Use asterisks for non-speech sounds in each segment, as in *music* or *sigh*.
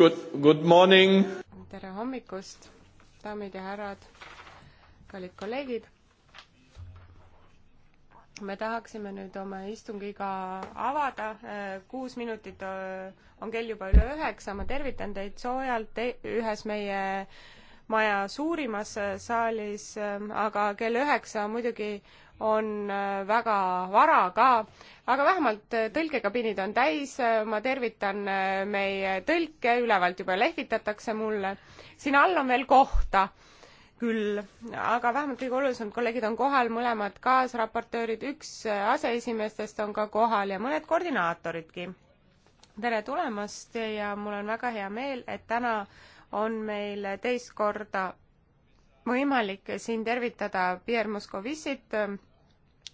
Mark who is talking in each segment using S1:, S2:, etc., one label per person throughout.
S1: Good, good morning!
S2: tere hommikust, daamid ja härrad, kallid kolleegid! me tahaksime nüüd oma istungiga avada, eh, kuus minutit eh, on kell juba üle üheksa, ma tervitan teid soojalt ühes meie maja suurimas äh, saalis, äh, aga kell üheksa muidugi on äh, väga vara ka, aga vähemalt tõlkekabiinid on täis, ma tervitan meie tõlke, ülevalt juba lehvitatakse mulle. siin all on veel kohta küll, aga vähemalt kõige olulisemad kolleegid on kohal, mõlemad kaasraportöörid, üks aseesimeestest on ka kohal ja mõned koordinaatoridki. tere tulemast ja mul on väga hea meel, et täna on meil teist korda võimalik siin tervitada Pierre Moskovitsit,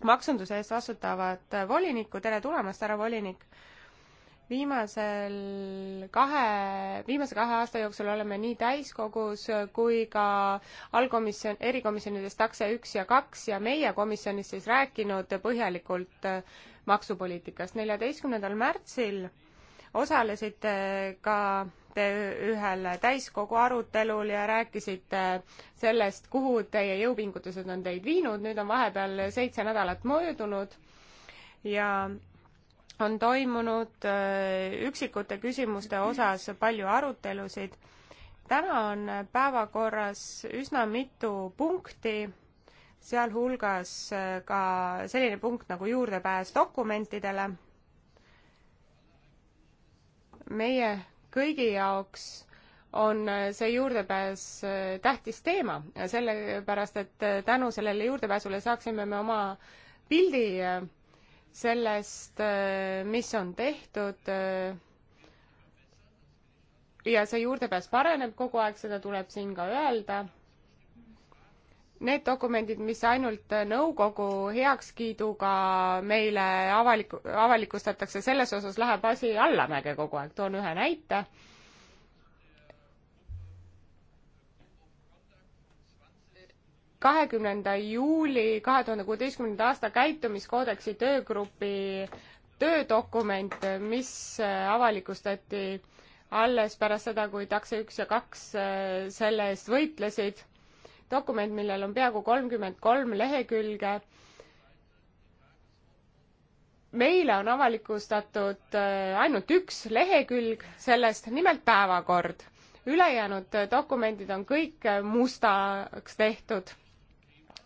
S2: maksunduse eest vastutavat volinikku, tere tulemast, härra volinik! viimasel kahe, viimase kahe aasta jooksul oleme nii täiskogus kui ka allkomisjon, erikomisjonides takse üks ja kaks ja meie komisjonis siis rääkinud põhjalikult maksupoliitikast. neljateistkümnendal märtsil osalesite ka osalesite ühel täiskogu arutelul ja rääkisite sellest, kuhu teie jõupingutused on teid viinud, nüüd on vahepeal seitse nädalat möödunud ja on toimunud äh, üksikute küsimuste osas palju arutelusid. täna on päevakorras üsna mitu punkti, sealhulgas äh, ka selline punkt nagu juurdepääs dokumentidele meie kõigi jaoks on see juurdepääs äh, tähtis teema, sellepärast et äh, tänu sellele juurdepääsule saaksime me oma pildi äh, sellest, mis on tehtud. ja see juurdepääs paraneb kogu aeg, seda tuleb siin ka öelda need dokumendid, mis ainult nõukogu heakskiiduga meile avaliku, avalikustatakse, selles osas läheb asi allamäge kogu aeg, toon ühe näite. kahekümnenda juuli kahe tuhande kuueteistkümnenda aasta käitumiskoodeksi töögrupi töödokument, mis avalikustati alles pärast seda, kui takse üks ja kaks äh, selle eest võitlesid dokument, millel on peaaegu kolmkümmend kolm lehekülge. meile on avalikustatud äh, ainult üks lehekülg sellest, nimelt päevakord. ülejäänud äh, dokumendid on kõik äh, mustaks tehtud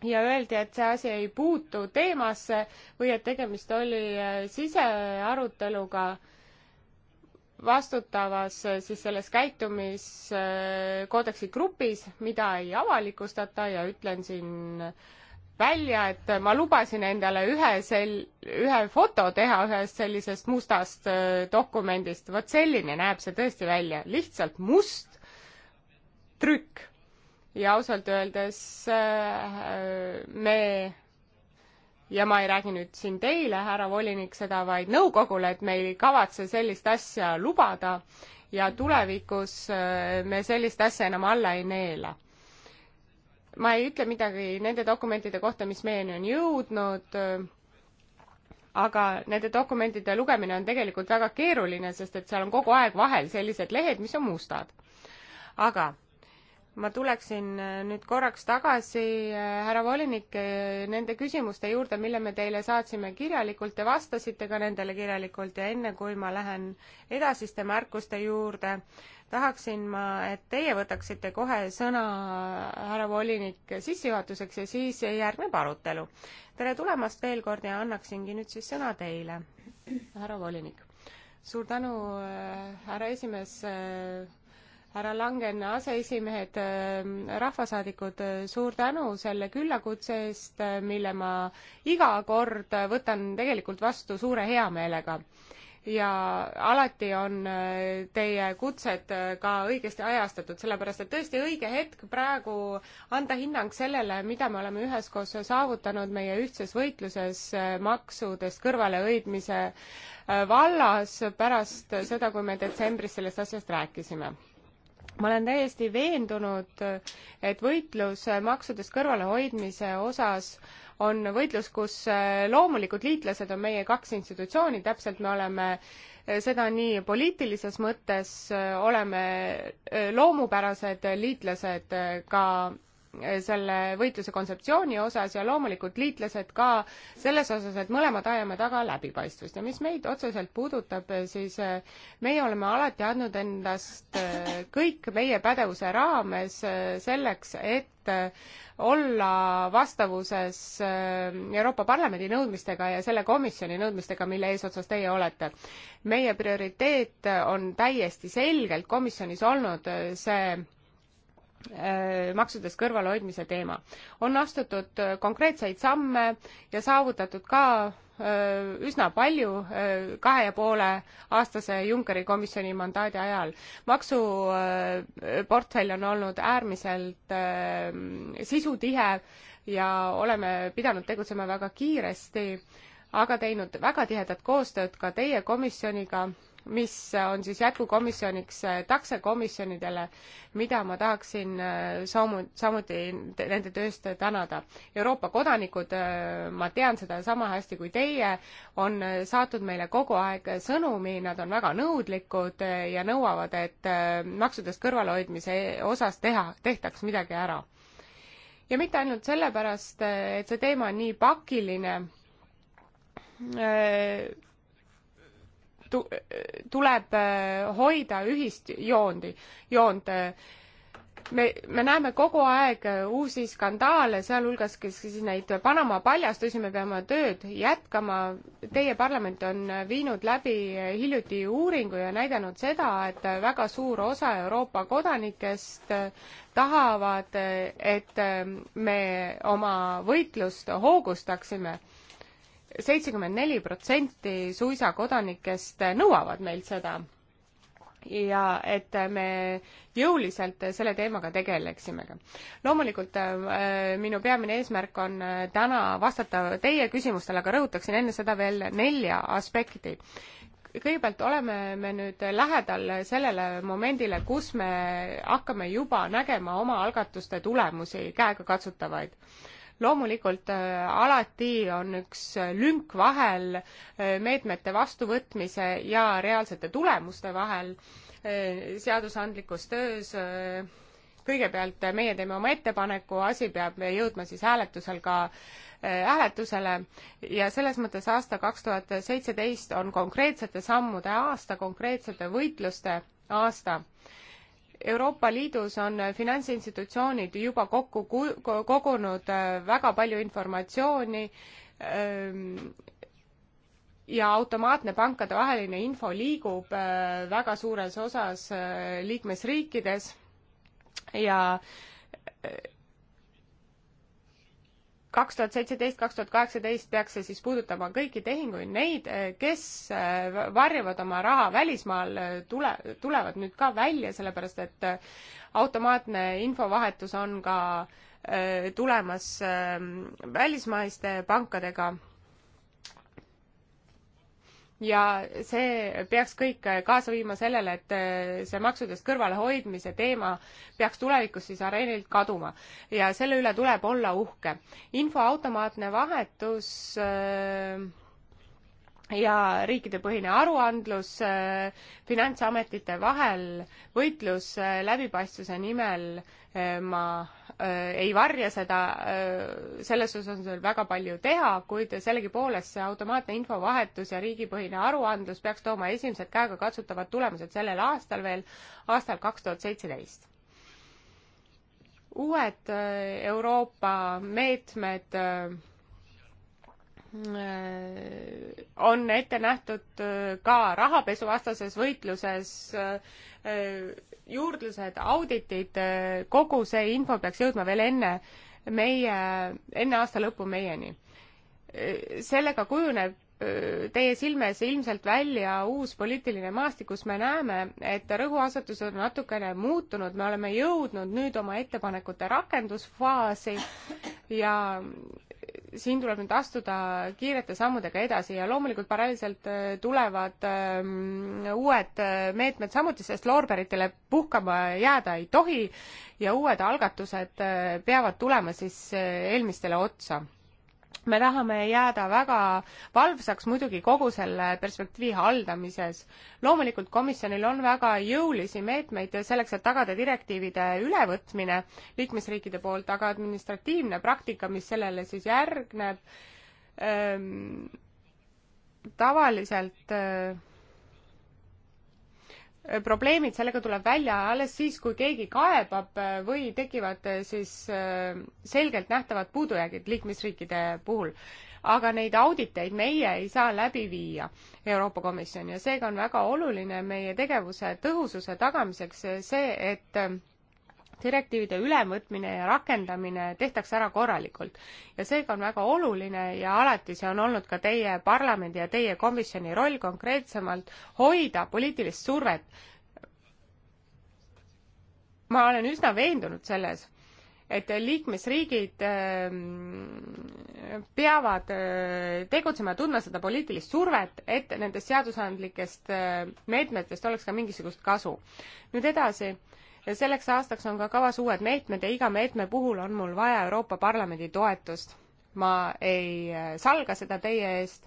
S2: ja öeldi, et see asi ei puutu teemasse või et tegemist oli sisearuteluga vastutavas äh, siis selles käitumiskoodeksi grupis, mida ei avalikustata ja ütlen siin välja, et ma lubasin endale ühe sel-, ühe foto teha ühest sellisest mustast äh, dokumendist, vot selline näeb see tõesti välja, lihtsalt must trükk. ja ausalt öeldes äh, me ja ma ei räägi nüüd siin teile, härra volinik, seda, vaid nõukogule, et me ei kavatse sellist asja lubada ja tulevikus äh, me sellist asja enam alla ei neela. ma ei ütle midagi nende dokumentide kohta, mis meieni on jõudnud, äh, aga nende dokumentide lugemine on tegelikult väga keeruline, sest et seal on kogu aeg vahel sellised lehed, mis on mustad. aga ma tuleksin äh, nüüd korraks tagasi, äh, härra volinik, äh, nende küsimuste juurde, mille me teile saatsime kirjalikult, te vastasite ka nendele kirjalikult ja enne, kui ma lähen edasiste märkuste juurde, tahaksin ma, et teie võtaksite kohe sõna, härra volinik, sissejuhatuseks ja siis järgneb arutelu. tere tulemast veel kord ja annaksingi nüüd siis sõna teile, *clears throat* härra volinik. suur tänu, härra esimees härra Langen, aseesimehed, äh, rahvasaadikud, äh, suur tänu selle küllakutse eest, äh, mille ma iga kord võtan tegelikult vastu suure heameelega. ja alati on teie kutsed ka õigesti ajastatud, sellepärast et tõesti õige hetk praegu anda hinnang sellele, mida me oleme üheskoos saavutanud meie ühtses võitluses maksudest kõrvalehoidmise vallas pärast seda, kui me detsembris sellest asjast rääkisime ma olen täiesti veendunud, et võitlus maksudest kõrvalehoidmise osas on võitlus, kus äh, loomulikud liitlased on meie kaks institutsiooni, täpselt me oleme äh, seda nii poliitilises mõttes, äh, oleme loomupärased liitlased ka selle võitluse kontseptsiooni osas ja loomulikult liitlased ka selles osas, et mõlemad ajame taga läbipaistvust ja mis meid otseselt puudutab, siis eh, meie oleme alati andnud endast eh, kõik meie pädevuse raames eh, selleks, et olla vastavuses Euroopa Parlamendi nõudmistega ja selle komisjoni nõudmistega, mille eesotsas teie olete. meie prioriteet on täiesti selgelt komisjonis olnud see Äh, maksudest kõrvalehoidmise teema. on astutud äh, konkreetseid samme ja saavutatud ka äh, üsna palju kahe ja poole aastase Junckeri komisjoni mandaadi ajal. maksuportfell on olnud äärmiselt sisutihe ja oleme pidanud tegutsema väga kiiresti, aga teinud väga tihedat koostööd ka teie komisjoniga mis on siis jätkukomisjoniks äh, taksekomisjonidele, mida ma tahaksin äh, samu-, samuti nende tööst tänada. Euroopa kodanikud, äh, ma tean seda sama hästi kui teie, on saatnud meile kogu aeg sõnumi, nad on väga nõudlikud ja nõuavad, et maksudest kõrvalehoidmise osas teha, tehtaks midagi ära ja mitte ainult sellepärast, et see teema on nii pakiline, tu, tuleb äh, hoida ühist joondi, joont. me, me näeme kogu aeg äh, uusi skandaale, sealhulgas ka siis neid Panama paljastusi, me peame tööd jätkama. Teie parlament on äh, viinud läbi hiljuti uuringu ja näidanud seda, et väga suur osa Euroopa kodanikest tahavad, et me oma võitlust hoogustaksime seitsekümmend neli protsenti Suisa kodanikest nõuavad meilt seda ja et me jõuliselt selle teemaga tegeleksime ka. loomulikult äh, minu peamine eesmärk on äh, täna vastata teie küsimustele, aga rõhutaksin enne seda veel nelja aspekti. kõigepealt oleme me nüüd lähedal sellele momendile, kus me hakkame juba nägema oma algatuste tulemusi, käegakatsutavaid loomulikult äh, alati on üks äh, lünk vahel äh, meetmete vastuvõtmise ja reaalsete tulemuste vahel seadusandlikus töös kõigepealt meie teeme oma ettepaneku, asi peab jõudma siis hääletusel ka hääletusele ja selles mõttes aasta kaks tuhat seitseteist on konkreetsete sammude aasta, konkreetsete võitluste aasta Euroopa Liidus on finantsinstitutsioonid juba kokku kogunud äh, väga palju informatsiooni ähm, ja automaatne pankade vaheline info liigub äh, väga suures osas äh, liikmesriikides ja kaks tuhat seitseteist, kaks tuhat kaheksateist peaks see siis puudutama kõiki tehinguid, neid, eh, kes eh, varjavad oma raha välismaal, eh, tule, tulevad nüüd ka välja, sellepärast et automaatne infovahetus on ka tulemas välismaiste pankadega ja see peaks kõik kaasa viima sellele, et eh, see maksudest kõrvalehoidmise teema peaks tulevikus siis areenilt kaduma ja selle üle tuleb olla uhke. info automaatne vahetus äh, ja riikidepõhine aruandlus äh, finantsametite vahel, võitlus äh, läbipaistvuse nimel äh,, ma äh, ei varja seda, äh, selles osas on veel väga palju teha, kuid sellegipoolest see automaatne infovahetus ja riigipõhine aruandlus peaks tooma esimesed käegakatsutavad tulemused sellel aastal veel, aastal kaks tuhat seitseteist uued äh, Euroopa meetmed Äh, on ette nähtud äh, ka rahapesuvastases võitluses äh, juurdlused, auditid, kogu see info peaks jõudma veel enne meie, enne aasta lõppu meieni. sellega kujuneb teie silmes ilmselt välja uus poliitiline maastik, kus me näeme, et rõhuasetused on natukene muutunud, me oleme jõudnud nüüd oma ettepanekute rakendusfaasi ja siin tuleb nüüd astuda kiirete sammudega edasi ja loomulikult paralleelselt äh, tulevad ähm, uued äh, meetmed samuti, sest loorberitele puhkama jääda ei tohi ja uued algatused äh, peavad tulema siis eelmistele otsa me tahame jääda väga valvsaks muidugi kogu selle perspektiivi haldamises. loomulikult komisjonil on väga jõulisi meetmeid selleks, et tagada direktiivide ülevõtmine liikmesriikide poolt, aga administratiivne praktika, mis sellele siis järgneb ähm,, tavaliselt äh, probleemid, sellega tuleb välja alles siis, kui keegi kaebab äh, või tekivad äh, siis äh, selgelt nähtavad puudujäägid liikmesriikide puhul. aga neid auditeid meie ei saa läbi viia, Euroopa Komisjon, ja seega on väga oluline meie tegevuse tõhususe tagamiseks see, et direktiivide ülevõtmine ja rakendamine tehtaks ära korralikult. ja seega on väga oluline ja alati see on olnud ka teie parlamendi ja teie komisjoni roll konkreetsemalt, hoida poliitilist survet. ma olen üsna veendunud selles, et liikmesriigid ähm, peavad äh, tegutsema, tundma seda poliitilist survet, et nendest seadusandlikest äh, meetmetest oleks ka mingisugust kasu. nüüd edasi ja selleks aastaks on ka kavas uued meetmed ja iga meetme puhul on mul vaja Euroopa Parlamendi toetust. ma ei äh, salga seda teie eest.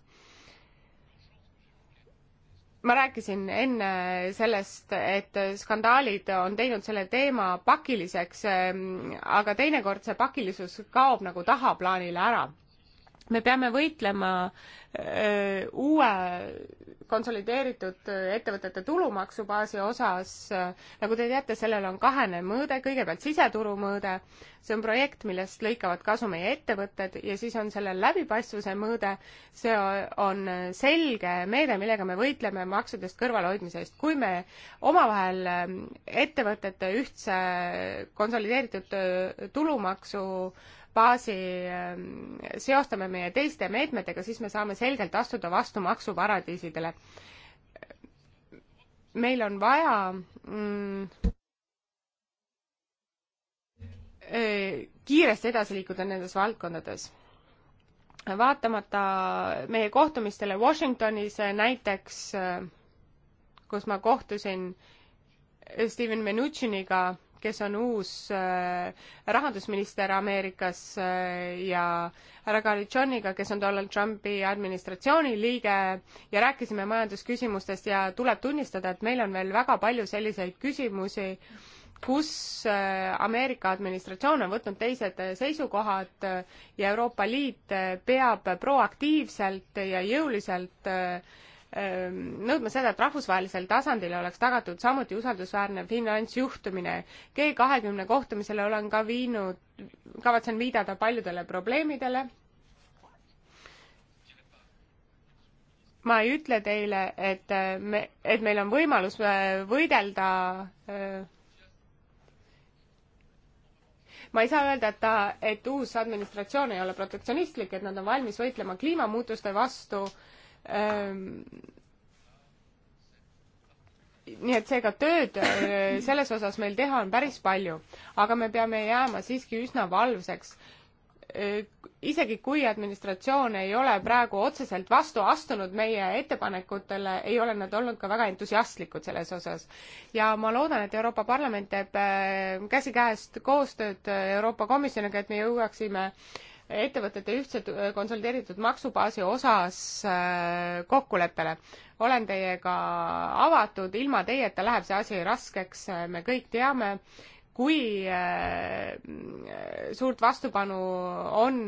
S2: ma rääkisin enne sellest, et skandaalid on teinud selle teema pakiliseks, ähm, aga teinekord see pakilisus kaob nagu tahaplaanile ära me peame võitlema öö, uue konsolideeritud ettevõtete tulumaksubaasi osas, nagu te teate, sellel on kahene mõõde, kõigepealt siseturu mõõde, see on projekt, millest lõikavad kasu meie ettevõtted ja siis on sellel läbipaistvuse mõõde, see on selge meede, millega me võitleme maksudest kõrvalehoidmise eest. kui me omavahel ettevõtete ühtse konsolideeritud tulumaksu baasi ähm, seostame meie teiste meetmetega, siis me saame selgelt astuda vastu maksuparadiisidele. meil on vaja mm, äh, kiiresti edasi liikuda nendes valdkondades. vaatamata meie kohtumistele Washingtonis äh, näiteks, äh, kus ma kohtusin Steven Mnuchiniga, kes on uus äh, rahandusminister Ameerikas äh, ja härra Garritšoniga, kes on Donald Trumpi administratsiooni liige ja rääkisime majandusküsimustest ja tuleb tunnistada, et meil on veel väga palju selliseid küsimusi, kus äh, Ameerika administratsioon on võtnud teised seisukohad ja Euroopa Liit peab proaktiivselt ja jõuliselt Ähm, nõudma seda, et rahvusvahelisel tasandil oleks tagatud samuti usaldusväärne finantsjuhtumine. G kahekümne kohtumisele olen ka viinud, kavatsen viidada paljudele probleemidele. ma ei ütle teile, et äh, me, et meil on võimalus äh, võidelda äh, ma ei saa öelda, et ta, et uus administratsioon ei ole protektsionistlik, et nad on valmis võitlema kliimamuutuste vastu äh, Ehm, nii et seega tööd äh, selles osas meil teha on päris palju, aga me peame jääma siiski üsna valvsaks. Äh, isegi kui administratsioon ei ole praegu otseselt vastu astunud meie ettepanekutele, ei ole nad olnud ka väga entusiastlikud selles osas. ja ma loodan, et Euroopa Parlament teeb äh, käsikäest koostööd Euroopa Komisjoniga, et me jõuaksime äh, ettevõtete ühtse äh, konsolideeritud maksubaasi osas äh, kokkuleppele. olen teiega avatud, ilma teieta läheb see asi raskeks, äh, me kõik teame, kui suurt vastupanu on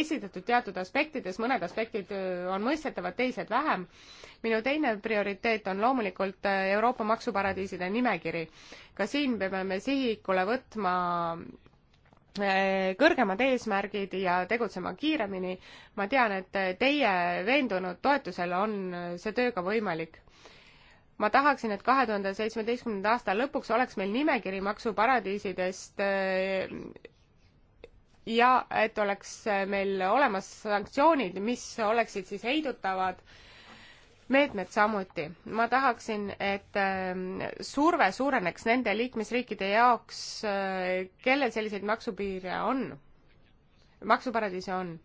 S2: esitatud teatud aspektides, mõned aspektid on mõistetavad, teised vähem. minu teine prioriteet on loomulikult Euroopa maksuparadiiside nimekiri. ka siin peame me sihikule võtma Äh, kõrgemad eesmärgid ja tegutsema kiiremini. ma tean, et teie veendunud toetusel on see tööga võimalik. ma tahaksin, et kahe tuhande seitsmeteistkümnenda aasta lõpuks oleks meil nimekiri maksuparadiisidest äh, ja et oleks meil olemas sanktsioonid, mis oleksid siis heidutavad äh, meetmed samuti. ma tahaksin, et ähm, surve suureneks nende liikmesriikide jaoks, äh, kellel selliseid maksupiire on, maksuparadiise on.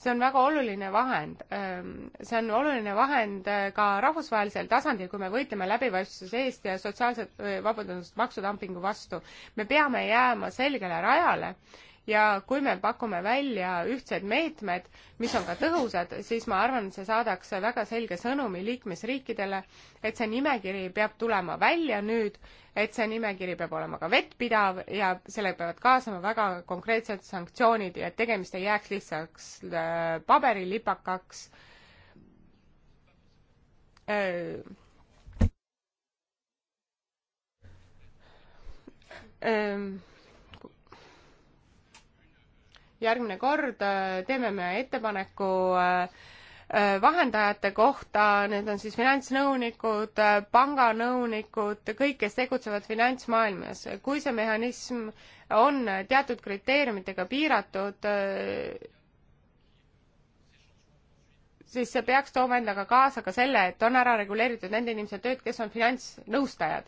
S2: see on väga oluline vahend. Ähm, see on oluline vahend äh, ka rahvusvahelisel tasandil, kui me võitleme läbipaistvuse eest ja sotsiaalset, äh, vabandust, maksudumpingu vastu. me peame jääma selgele rajale ja kui me pakume välja ühtsed meetmed, mis on ka tõhusad, siis ma arvan, see saadaks väga selge sõnumi liikmesriikidele, et see nimekiri peab tulema välja nüüd, et see nimekiri peab olema ka vettpidav ja sellega peavad kaasama väga konkreetsed sanktsioonid ja et tegemist ei jääks lihtsaks äh, paberilipakaks öö, äh, öö, ähm, järgmine kord äh, teeme me ettepaneku äh, äh, vahendajate kohta, need on siis finantsnõunikud, panganõunikud, kõik, kes tegutsevad finantsmaailmas. kui see mehhanism on teatud kriteeriumitega piiratud, siis see peaks tooma endaga kaasa ka selle, et on ära reguleeritud nende inimeste tööd, kes on finantsnõustajad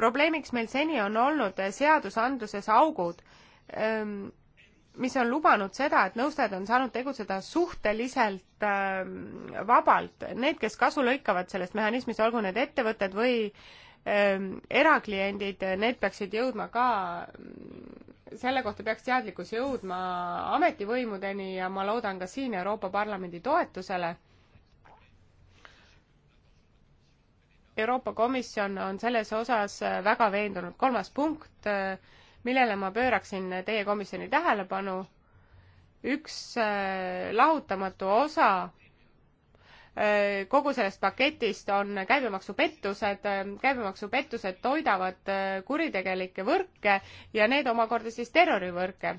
S2: probleemiks meil seni on olnud eh, seadusandluses augud, ehm, mis on lubanud seda, et nõustajad on saanud tegutseda suhteliselt ehm, vabalt. Need, kes kasu lõikavad sellest mehhanismist, olgu need ettevõtted või ehm, erakliendid, need peaksid jõudma ka, mm, selle kohta peaks teadlikkus jõudma ametivõimudeni ja ma loodan ka siin Euroopa Parlamendi toetusele Euroopa Komisjon on selles osas äh, väga veendunud. kolmas punkt, äh, millele ma pööraksin äh, teie komisjoni tähelepanu, üks lahutamatu osa kogu sellest paketist on käibemaksupettused, käibemaksupettused toidavad kuritegelikke võrke ja need omakorda siis terrorivõrke.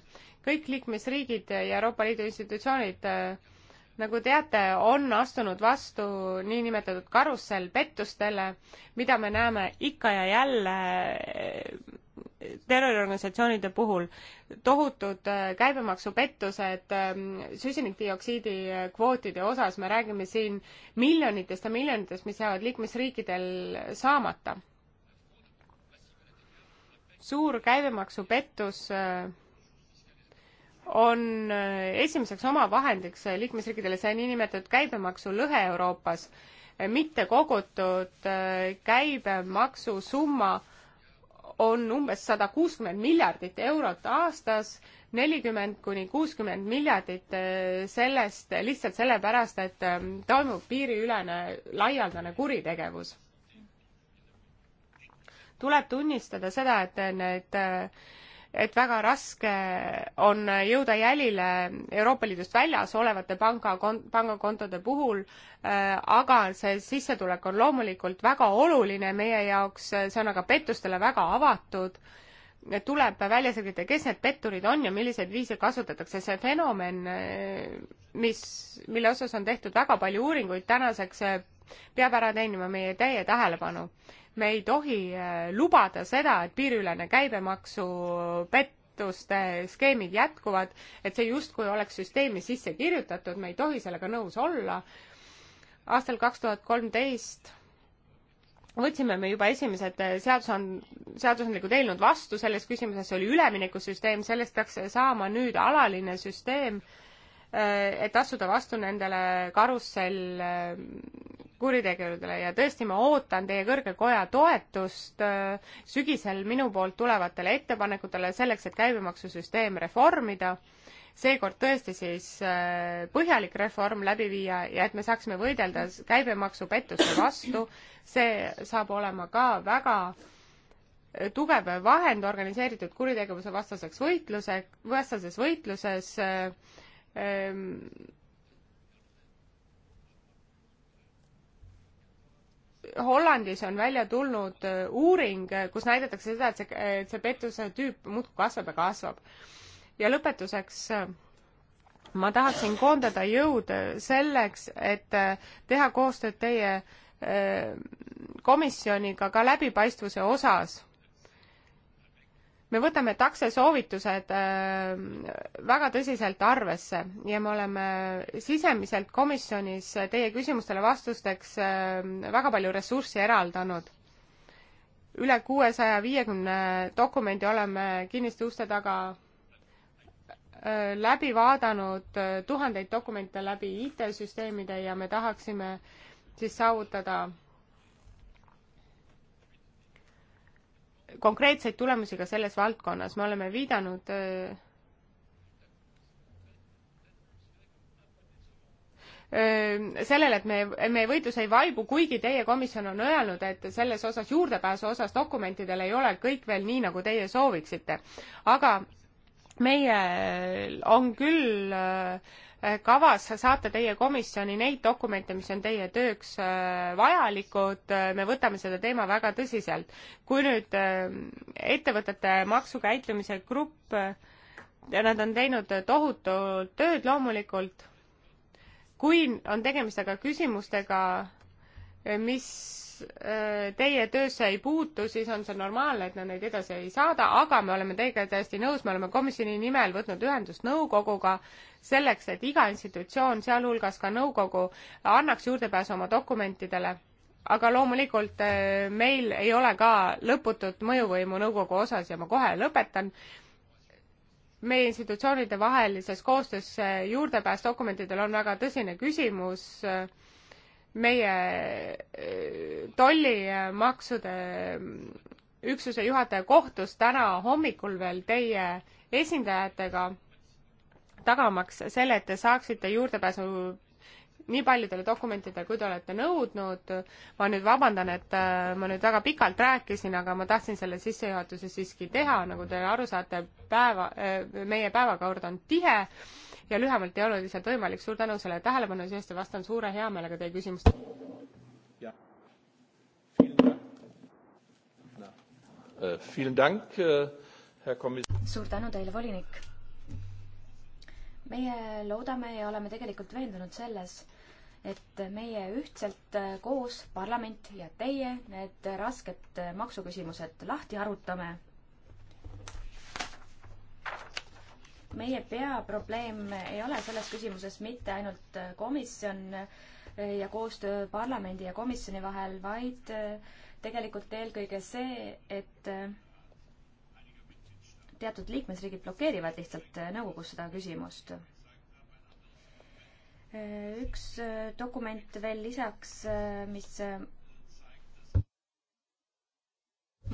S2: kõik liikmesriigid ja Euroopa Liidu institutsioonid nagu teate, on astunud vastu niinimetatud karussellpettustele, mida me näeme ikka ja jälle eh, terroriorganisatsioonide puhul. tohutud eh, käibemaksupettused eh, süsinikdioksiidi kvootide osas, me räägime siin miljonitest ja miljonitest, mis jäävad liikmesriikidel saamata. suur käibemaksupettus on äh, esimeseks omavahendiks äh, liikmesriikidele see niinimetatud käibemaksulõhe Euroopas, äh, mitte kogutud käibemaksusumma on umbes sada kuuskümmend miljardit eurot aastas, nelikümmend kuni kuuskümmend miljardit sellest lihtsalt sellepärast, et ähm, toimub piiriülene laialdane kuritegevus. tuleb tunnistada seda, et need et väga raske on jõuda jälile Euroopa Liidust väljas olevate panga, pangakontode puhul, äh, aga see sissetulek on loomulikult väga oluline meie jaoks, see on aga pettustele väga avatud, tuleb välja selgitada, kes need petturid on ja milliseid viise kasutatakse, see fenomen, äh, mis, mille osas on tehtud väga palju uuringuid, tänaseks äh, peab ära teenima meie täie tähelepanu me ei tohi äh, lubada seda, et piiriülene käibemaksupettuste äh, skeemid jätkuvad, et see justkui oleks süsteemi sisse kirjutatud, me ei tohi sellega nõus olla. aastal kaks tuhat kolmteist võtsime me juba esimesed äh, seadusand-, seadusandlikud eelnõud vastu selles küsimuses, see oli üleminekusüsteem, sellest peaks saama nüüd alaline süsteem Äh, et astuda vastu nendele karussell kuritegudele ja tõesti, ma ootan teie kõrge koja toetust äh, sügisel minu poolt tulevatele ettepanekutele selleks, et käibemaksusüsteem reformida, seekord tõesti siis äh, põhjalik reform läbi viia ja et me saaksime võidelda käibemaksupettuste vastu, see saab olema ka väga tugev vahend organiseeritud kuritegevuse vastaseks võitluse, vastases võitluses Ehm, Hollandis on välja tulnud eh, uuring, eh, kus näidatakse seda, et see, et eh, see pettuse tüüp muudkui kasvab ja kasvab. ja lõpetuseks ma tahaksin koondada jõud selleks, et teha koostööd teie komisjoniga ka läbipaistvuse osas me võtame takse soovitused äh, väga tõsiselt arvesse ja me oleme sisemiselt komisjonis teie küsimustele vastusteks äh, väga palju ressurssi eraldanud. üle kuuesaja viiekümne dokumendi oleme kinniste uste taga äh, läbi vaadanud, tuhandeid dokumente läbi IT-süsteemide ja me tahaksime siis saavutada konkreetseid tulemusi ka selles valdkonnas, me oleme viidanud äh, äh, sellele, et me, meie võitlus ei vaibu, kuigi teie komisjon on öelnud, et selles osas, juurdepääsu osas dokumentidel ei ole kõik veel nii, nagu teie sooviksite. aga meie on küll äh, Äh, kavas saata teie komisjoni neid dokumente, mis on teie tööks äh, vajalikud, äh, me võtame seda teema väga tõsiselt. kui nüüd ettevõtete maksukäitlemise grupp, nad on teinud tohutult tööd loomulikult, kui on tegemist aga küsimustega, mis Äh, teie töösse ei puutu, siis on see normaalne, et nad neid edasi ei saada, aga me oleme teiega täiesti nõus, me oleme komisjoni nimel võtnud ühendust nõukoguga selleks, et iga institutsioon, sealhulgas ka nõukogu, annaks juurdepääsu oma dokumentidele. aga loomulikult äh, meil ei ole ka lõputut mõjuvõimu nõukogu osas ja ma kohe lõpetan meie institutsioonide vahelises koostöös äh, juurdepääs dokumentidele on väga tõsine küsimus äh, meie eh, tollimaksude üksuse juhataja kohtus täna hommikul veel teie esindajatega, tagamaks selle, et te saaksite juurdepääsu nii paljudele dokumentidele, kui te olete nõudnud. ma nüüd vabandan, et eh, ma nüüd väga pikalt rääkisin, aga ma tahtsin selle sissejuhatuse siiski teha, nagu te aru saate, päeva, eh, meie päevakord on tihe ja lühemalt ei olnud lihtsalt võimalik. suur tänu selle tähelepanu eest ja vastan suure heameelega teie küsimustele.
S1: Äh, äh,
S3: suur tänu teile, volinik. meie loodame ja oleme tegelikult veendunud selles, et meie ühtselt äh, koos, parlament ja teie, need rasked maksuküsimused lahti arutame meie peaprobleem ei ole selles küsimuses mitte ainult äh, komisjon äh, ja koostöö parlamendi ja komisjoni vahel, vaid äh, tegelikult eelkõige see, et teatud liikmesriigid blokeerivad lihtsalt nõukogus seda küsimust. üks dokument veel lisaks, mis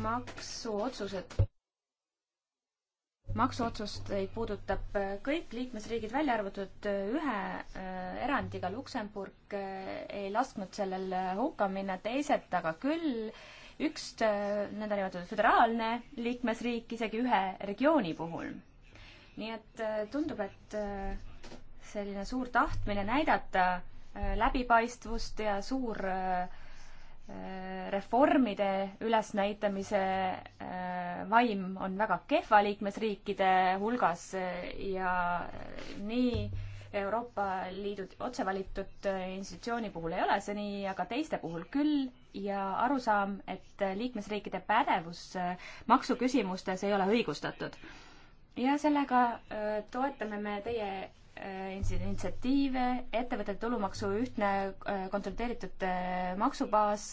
S3: maksuotsused maksuotsusteid puudutab äh, kõik liikmesriigid, välja arvatud äh, ühe äh, erandiga, Luksemburg ei lasknud sellel hukka minna, teised aga küll. üks nõndanimetatud föderaalne liikmesriik isegi ühe regiooni puhul. nii et tundub, et selline suur tahtmine näidata läbipaistvust ja suur äh, Äh, reformide ülesnäitamise äh, vaim on väga kehva liikmesriikide hulgas äh, ja nii Euroopa Liidu otsevalitud institutsiooni puhul ei ole see nii, aga teiste puhul küll ja arusaam, et liikmesriikide pädevus maksuküsimustes ei ole õigustatud. ja sellega toetame me teie Äh, initsiatiive, ettevõtete tulumaksu ühtne äh, konsolideeritud äh, maksubaas,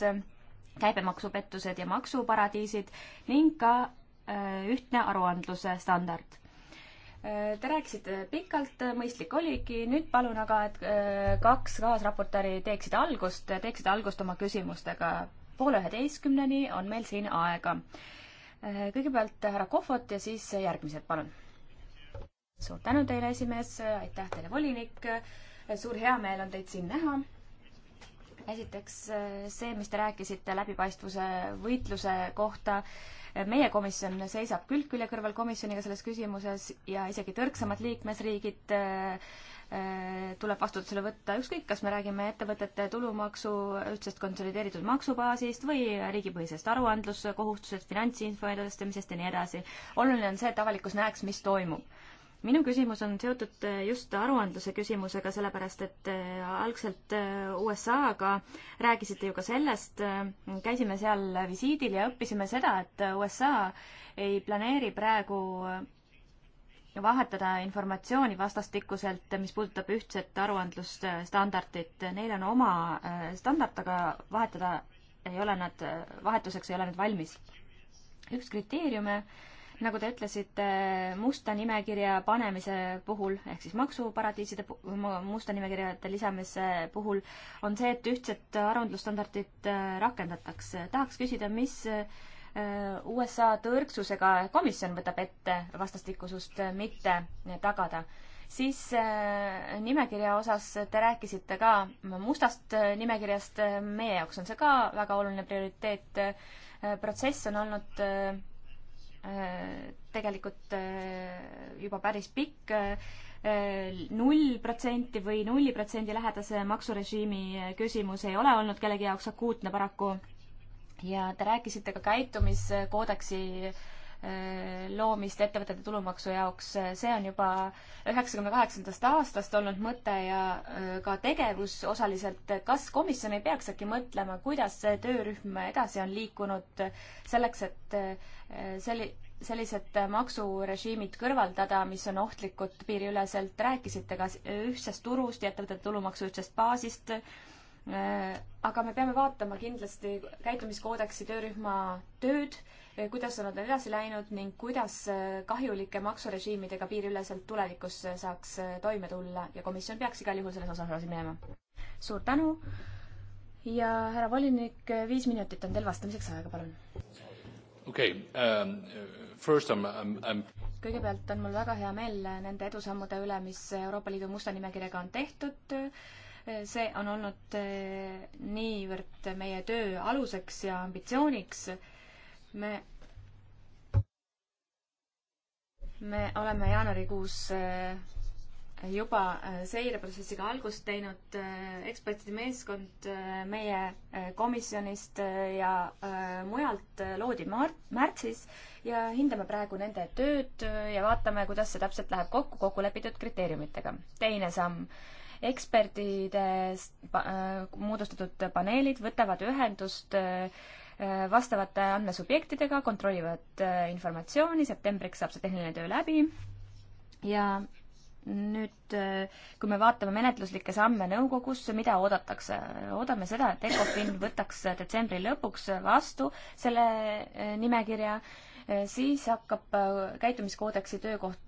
S3: käibemaksupettused ja maksuparadiisid ning ka ühtne aruandluse standard. Te rääkisite pikalt, mõistlik oligi, nüüd palun aga, et kaks kaasraportööri teeksid algust, teeksid algust oma küsimustega. poole üheteistkümneni on meil siin aega. kõigepealt härra Kohvot ja siis järgmised, palun suur tänu teile, esimees, aitäh teile, volinik. suur heameel on teid siin näha. esiteks see, mis te rääkisite läbipaistvuse võitluse kohta. meie komisjon seisab külg külje kõrval komisjoniga selles küsimuses ja isegi tõrksamad liikmesriigid eh, tuleb vastutusele võtta, ükskõik, kas me räägime ettevõtete tulumaksu, ühtsest konsolideeritud maksubaasist või riigipõhisest aruandluskohustusest, finantsinfo edastamisest ja nii edasi. oluline on see, et avalikkus näeks, mis toimub minu küsimus on seotud äh, just aruandluse küsimusega, sellepärast et äh, algselt äh, USA-ga rääkisite ju ka sellest, käisime seal visiidil ja õppisime seda, et USA ei planeeri praegu vahetada informatsiooni vastastikuselt, mis puudutab ühtset aruandlusstandardit. Neil on oma standard, aga vahetada ei ole nad, vahetuseks ei ole nad valmis. üks kriteeriume äh, nagu te ütlesite, musta nimekirja panemise puhul ehk siis maksuparadiiside musta nimekirjade lisamise puhul on see, et ühtset aruandlusstandardit äh, rakendatakse. tahaks küsida, mis äh, USA tõrksusega komisjon võtab ette vastastikusust äh, mitte tagada siis nimekirja osas te rääkisite ka mustast nimekirjast, meie jaoks on see ka väga oluline prioriteet. protsess on olnud Äh, tegelikult äh, juba päris pikk, äh, null protsenti või nulli protsendi lähedase maksurežiimi küsimus ei ole olnud kellegi jaoks akuutne paraku. ja te rääkisite ka käitumiskoodeksi Äh, loomist ettevõtete tulumaksu jaoks, äh, see on juba üheksakümne kaheksandast aastast olnud mõte ja äh, ka tegevus osaliselt. kas komisjon ei peaks äkki mõtlema, kuidas see töörühm edasi on liikunud selleks, et selli-, sellised maksurežiimid kõrvaldada, mis on ohtlikud piiriüleselt, rääkisite ka ühtsest turust ja ettevõtete tulumaksu ühtsest baasist aga me peame vaatama kindlasti käitumiskoodeksi töörühma tööd Eh, kuidas nad on edasi läinud ning kuidas eh, kahjulike maksurežiimidega piiriüleselt tulevikus eh, saaks toime tulla ja komisjon peaks igal juhul selles osas edasi minema. suur tänu ja härra volinik, viis minutit on teil vastamiseks aega, palun.
S1: okei okay, um,, first I m, I m
S3: kõigepealt on mul väga hea meel nende edusammude üle, mis Euroopa Liidu musta nimekirjaga on tehtud see on olnud niivõrd meie töö aluseks ja ambitsiooniks me me oleme jaanuarikuus eh, juba eh, seireprotsessiga algust teinud, eh, ekspertide meeskond meie komisjonist ja mujalt loodi märtsis ja hindame praegu nende tööd ja vaatame, kuidas see täpselt läheb kokku kokkulepitud kriteeriumitega. teine samm, ekspertidest moodustatud paneelid võtavad ühendust äh, Äh, vastavate andmesubjektidega, kontrollivad äh, informatsiooni, septembriks saab see tehniline töö läbi ja nüüd, äh, kui me vaatame menetluslikke samme nõukogus, mida oodatakse? oodame seda, et Ecofin võtaks detsembri lõpuks vastu selle nimekirja, siis hakkab käitumiskoodeksi töökoht,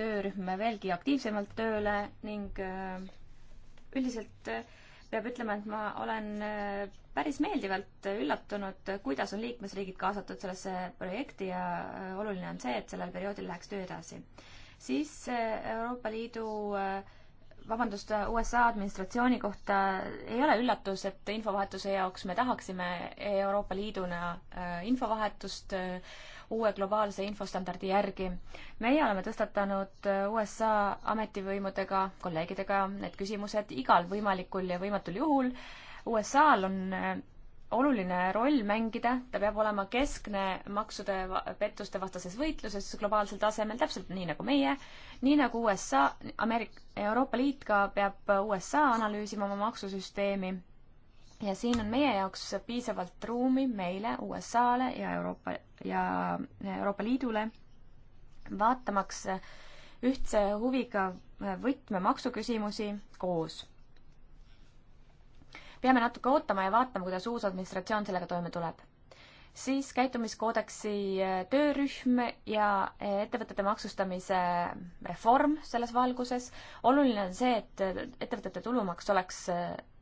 S3: töörühm veelgi aktiivsemalt tööle ning üldiselt äh, peab ütlema, et ma olen äh, päris meeldivalt üllatunud, kuidas on liikmesriigid kaasatud sellesse projekti ja äh, oluline on see, et sellel perioodil läheks töö edasi. siis äh, Euroopa Liidu vabandust, USA administratsiooni kohta ei ole üllatus, et infovahetuse jaoks me tahaksime Euroopa Liiduna infovahetust uue globaalse infostandardi järgi. meie oleme tõstatanud äh, USA ametivõimudega, kolleegidega need küsimused igal võimalikul ja võimatul juhul. USA-l on äh, oluline roll mängida, ta peab olema keskne maksude pettuste vastases võitluses globaalsel tasemel, täpselt nii nagu meie, nii nagu USA, Ameerika, Euroopa Liit ka peab USA analüüsima oma maksusüsteemi ja siin on meie jaoks piisavalt ruumi meile, USA-le ja Euroopa ja Euroopa Liidule, vaatamaks ühtse huviga võtmemaksuküsimusi koos. peame natuke ootama ja vaatama, kuidas uus administratsioon sellega toime tuleb. siis käitumiskoodeksi töörühm ja ettevõtete maksustamise reform selles valguses. oluline on see, et ettevõtete tulumaks oleks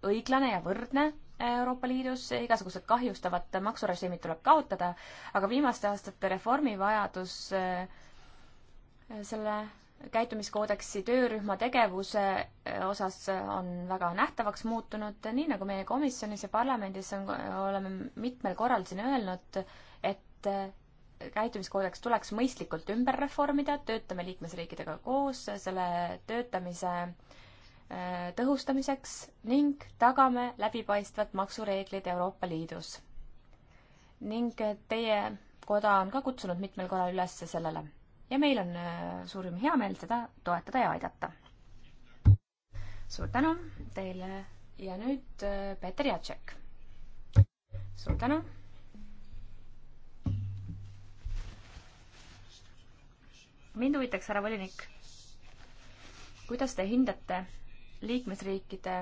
S3: õiglane ja võrdne Euroopa Liidus, igasugused kahjustavad maksurežiimid tuleb kaotada, aga viimaste aastate reformi vajadus eh, selle käitumiskoodeksi töörühma tegevuse eh, osas on väga nähtavaks muutunud, nii nagu meie komisjonis ja parlamendis on, oleme mitmel korral siin öelnud, et eh, käitumiskoodeks tuleks mõistlikult ümber reformida, töötame liikmesriikidega koos, selle töötamise äh, Äh, tõhustamiseks ning tagame läbipaistvad maksureeglid Euroopa Liidus. ning äh, teie koda on ka kutsunud mitmel korral üles sellele ja meil on äh, suurim heameel seda toetada ja aidata. suur tänu teile ja nüüd Peeter Jacek. suur tänu. mind huvitaks, härra volinik, kuidas te hindate liikmesriikide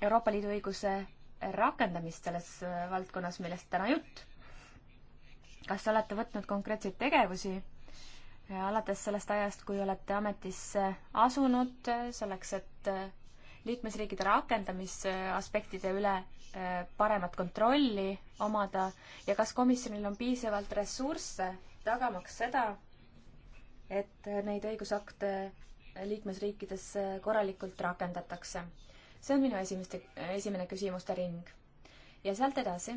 S3: Euroopa Liidu õiguse rakendamist selles äh, valdkonnas, millest täna jutt. kas olete võtnud konkreetseid tegevusi äh, alates sellest ajast, kui olete ametisse asunud, äh, selleks et liikmesriikide rakendamisaspektide üle paremat kontrolli omada ja kas komisjonil on piisavalt ressursse tagamaks seda, et neid õigusakte liikmesriikides korralikult rakendatakse? see on minu esimeste, esimene küsimuste ring. ja sealt edasi.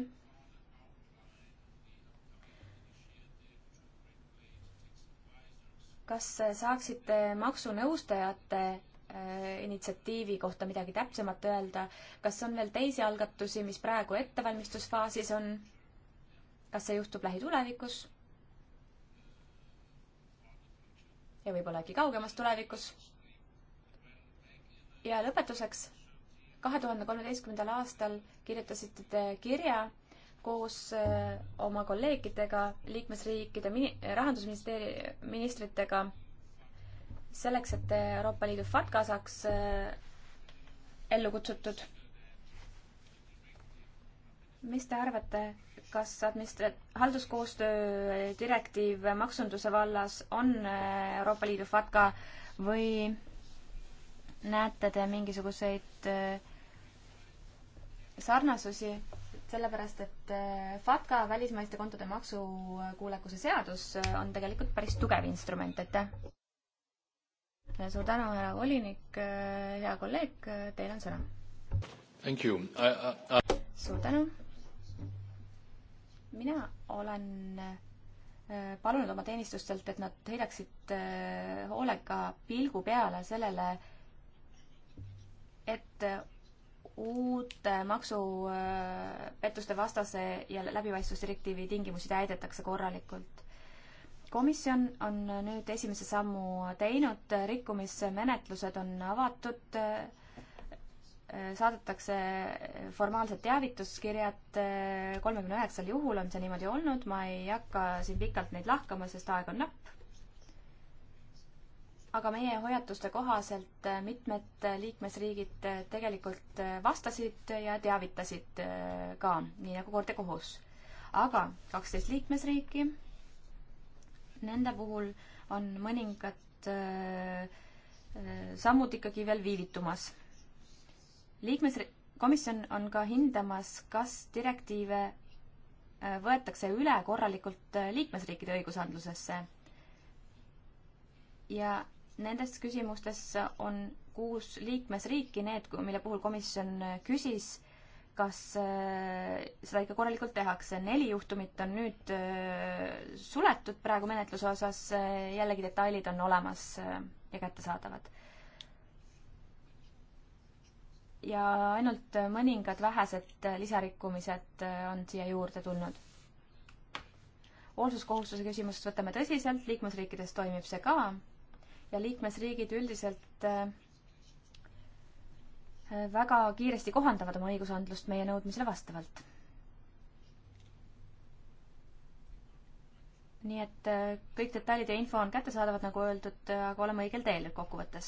S3: kas saaksite maksunõustajate äh, initsiatiivi kohta midagi täpsemat öelda, kas on veel teisi algatusi, mis praegu ettevalmistusfaasis on? kas see juhtub lähitulevikus? ja võib-olla äkki kaugemas tulevikus. ja lõpetuseks, kahe tuhande kolmeteistkümnendal aastal kirjutasite te kirja koos äh, oma kolleegidega, liikmesriikide mini-, rahandusministeeriumi ministritega selleks, et Euroopa Liidu FATCA saaks äh, ellu kutsutud mis te arvate, kas administra-, halduskoostöö direktiiv maksunduse vallas on äh, Euroopa Liidu FATKA või näete te mingisuguseid äh, sarnasusi, sellepärast et äh, FATKA, välismaiste kontode maksukuulekuse seadus, on tegelikult päris tugev instrument, aitäh! suur tänu, härra volinik, hea kolleeg, teil on sõna. suur tänu! mina olen äh, palunud oma teenistustelt, et nad heidaksid äh, hoolega pilgu peale sellele, et äh, uute maksupettuste vastase ja läbipaistvusdirektiivi tingimusi täidetakse korralikult. komisjon on nüüd esimese sammu teinud, rikkumismenetlused on avatud saadetakse formaalsed teavituskirjad, eh, kolmekümne üheksal juhul on see niimoodi olnud, ma ei hakka siin pikalt neid lahkama, sest aeg on napp. aga meie hoiatuste kohaselt eh, mitmed liikmesriigid eh, tegelikult vastasid ja teavitasid ka, nii nagu kord ja kohus. aga kaksteist liikmesriiki, nende puhul on mõningad sammud ikkagi veel viivitumas liikmes-, komisjon on ka hindamas, kas direktiive äh, võetakse üle korralikult äh, liikmesriikide õigusandlusesse. ja nendes küsimustes on kuus liikmesriiki need, mille puhul komisjon äh, küsis, kas seda ikka korralikult tehakse. neli juhtumit on nüüd suletud praegu menetluse osas, jällegi detailid on olemas ja kättesaadavad ja ainult mõningad vähesed lisarikkumised äh, on siia juurde tulnud. hoolsuskohustuse küsimust võtame tõsiselt, liikmesriikides toimib see ka ja liikmesriigid üldiselt äh, äh, väga kiiresti kohandavad oma õigusandlust meie nõudmisele vastavalt. nii et kõik detailid ja info on kättesaadavad, nagu öeldud, aga oleme õigel teel kokkuvõttes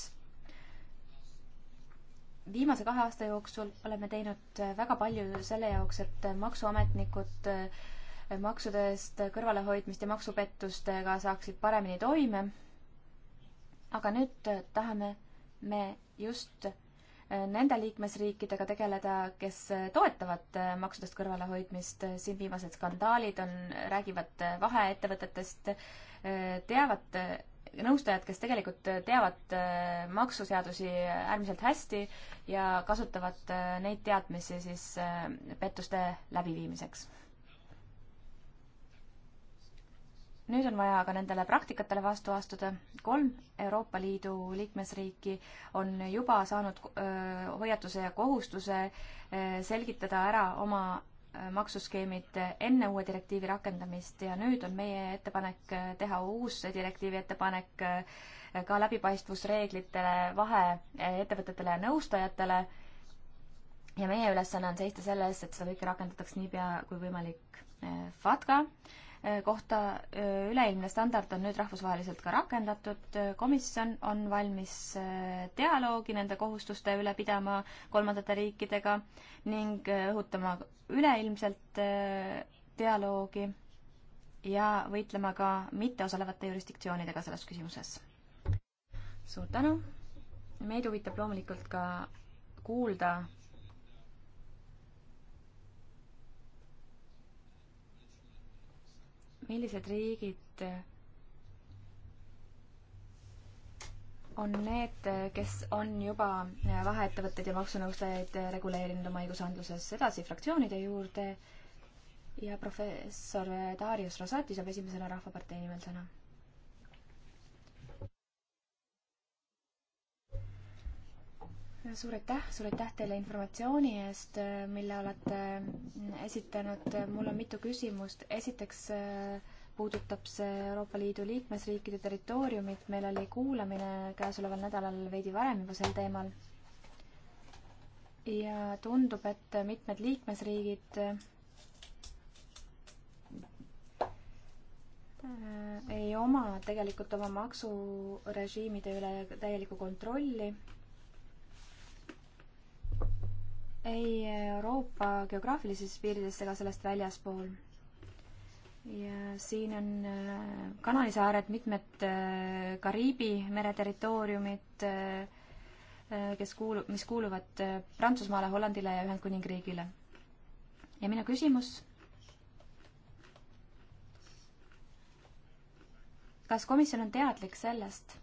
S3: viimase kahe aasta jooksul oleme teinud äh, väga palju selle jaoks, et äh, maksuametnikud äh, maksude eest kõrvalehoidmist ja maksupettustega saaksid paremini toime. aga nüüd tahame me just nende liikmesriikidega tegeleda, kes toetavad maksudest kõrvalehoidmist. siin viimased skandaalid on, räägivad vaheettevõtetest, teavad nõustajad, kes tegelikult teavad äh, maksuseadusi äärmiselt hästi ja kasutavad äh, neid teadmisi siis äh, pettuste läbiviimiseks. nüüd on vaja ka nendele praktikatele vastu astuda. kolm Euroopa Liidu liikmesriiki on juba saanud hoiatuse ja kohustuse selgitada ära oma maksuskeemid enne uue direktiivi rakendamist ja nüüd on meie ettepanek teha uus direktiivi ettepanek eh, ka läbipaistvusreeglitele vaheettevõtetele ja nõustajatele. ja meie ülesanne on seista selle eest, et seda kõike rakendataks niipea kui võimalik. Eh, FATKA kohta üleilmne standard on nüüd rahvusvaheliselt ka rakendatud. komisjon on valmis dialoogi nende kohustuste üle pidama kolmandate riikidega ning õhutama üleilmselt dialoogi ja võitlema ka mitteosalevate jurisdiktsioonidega selles küsimuses. suur tänu! meid huvitab loomulikult ka kuulda millised riigid on need, kes on juba vaheettevõtteid ja maksunõustajaid reguleerinud oma õigusandluses edasi fraktsioonide juurde ja professor Darius Rosati saab esimesena Rahvapartei nimel sõna suur aitäh, suur aitäh teile informatsiooni eest, äh, mille olete mm, esitanud. mul on mitu küsimust. esiteks äh, puudutab see Euroopa Liidu liikmesriikide territooriumit. meil oli kuulamine käesoleval nädalal veidi varem juba sel teemal. ja tundub, et mitmed liikmesriigid äh, ei oma tegelikult oma maksurežiimide üle täielikku kontrolli ei Euroopa geograafilistes piirides ega sellest väljaspool. ja siin on äh, Kanalisaared, mitmed äh, Kariibi mere territooriumid, äh, kes kuulu-, mis kuuluvad Prantsusmaale, Hollandile ja Ühendkuningriigile. ja minu küsimus kas komisjon on teadlik sellest,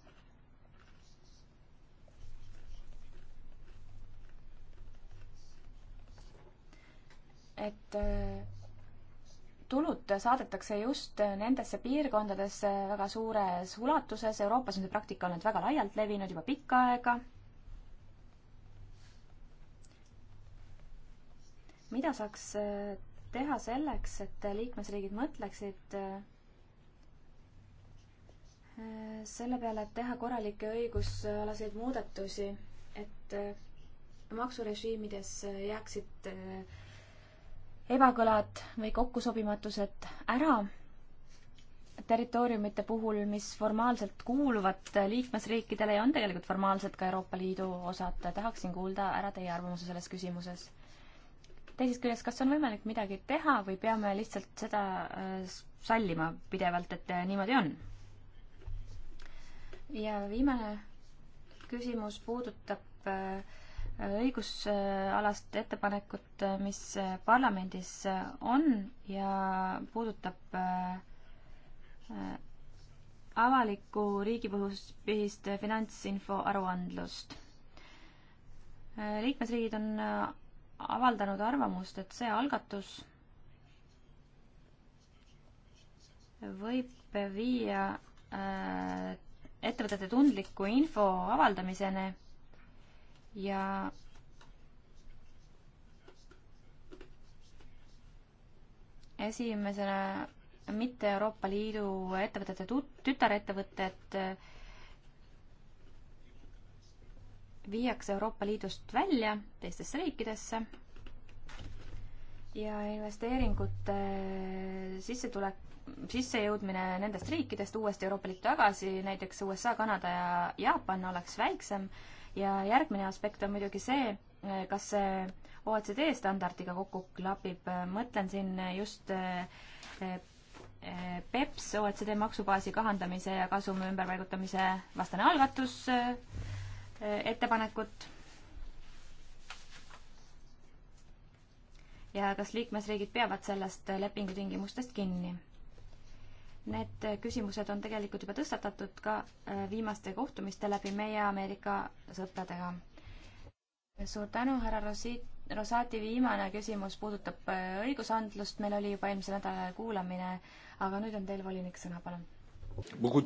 S3: et äh, tulud saadetakse just äh, nendesse piirkondadesse väga suures ulatuses, Euroopas on see praktika olnud väga laialt levinud juba pikka aega. mida saaks äh, teha selleks, et liikmesriigid mõtleksid selle peale, et teha korralikke õigusalaseid muudatusi, et maksurežiimides jääksid äh, ebakõlad või kokkusobimatused ära territooriumite puhul, mis formaalselt kuuluvad liikmesriikidele ja on tegelikult formaalselt ka Euroopa Liidu osad. tahaksin kuulda ära teie arvamuse selles küsimuses. teisest küljest, kas on võimalik midagi teha või peame lihtsalt seda äh, sallima pidevalt, et äh, niimoodi on? ja viimane küsimus puudutab äh, õigusalast ettepanekut, mis parlamendis on ja puudutab äh, avalikku riigipõhist finantsinfo aruandlust. Äh, liikmesriigid on äh, avaldanud arvamust, et see algatus võib viia ettevõtete tundliku info avaldamiseni ja esimesena mitte Euroopa Liidu ettevõtete tütarettevõtted eh, viiakse Euroopa Liidust välja teistesse riikidesse ja investeeringute sissetulek, sissejõudmine nendest riikidest uuesti Euroopa Liitu tagasi, näiteks USA, Kanada ja Jaapan oleks väiksem ja järgmine aspekt on muidugi see, kas see OECD standardiga kokku klapib, mõtlen siin just eh, eh, PEPS, OECD maksubaasi kahandamise ja kasumi ümberpaigutamise vastane algatus eh, ettepanekut. ja kas liikmesriigid peavad sellest lepingu tingimustest kinni? Need äh, küsimused on tegelikult juba tõstatatud ka äh, viimaste kohtumiste läbi meie Ameerika sõpradega. suur tänu, härra Rosit-, Rosati viimane küsimus puudutab äh, õigusandlust, meil oli juba eelmisel nädalal kuulamine, aga nüüd on teil volinik sõna, palun. Euh,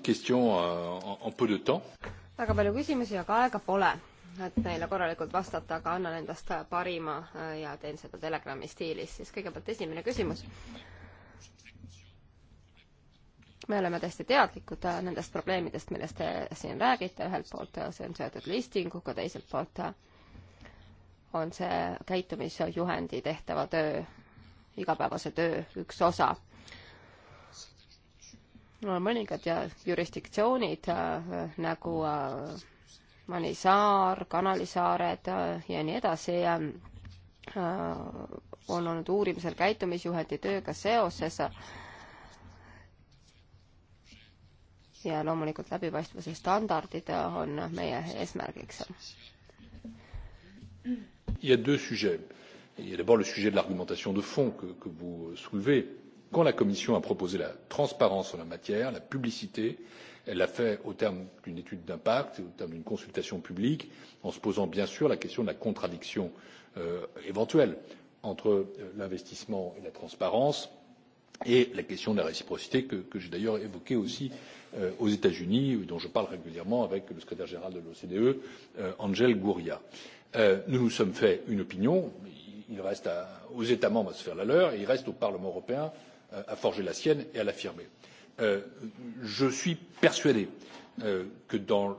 S3: väga palju küsimusi, aga aega pole,
S4: et neile korralikult vastata, aga annan endast parima ja teen seda Telegrami stiilis, siis kõigepealt esimene küsimus me oleme täiesti teadlikud äh, nendest probleemidest, millest te siin räägite, ühelt poolt äh, see on seotud listinguga, teiselt poolt äh, on see käitumisjuhendi tehtava töö, igapäevase töö üks osa no,. mõningad jurisdiktsioonid nagu Manisaar, Kanalisaared ja nii edasi on olnud uurimisel käitumisjuhendi tööga seoses ja loomulikult läbipaistvuse standardid on meie eesmärgiks.
S1: Il y a deux sujets. Il y a d'abord le sujet de l'argumentation de fond que, que vous soulevez. Quand la Commission a proposé la transparence en la matière, la publicité, elle l'a fait au terme d'une étude d'impact, au terme d'une consultation publique, en se posant bien sûr la question de la contradiction euh, éventuelle entre euh, l'investissement et la transparence et la question de la réciprocité que, que j'ai d'ailleurs évoquée aussi Euh, aux états unis dont je parle régulièrement avec le secrétaire général de l'ocde euh, angel gurria. Euh, nous nous sommes fait une opinion il reste aux états membres de se faire la leur et il reste au parlement européen de forger la sienne et de l'affirmer. je suis persuadé que dans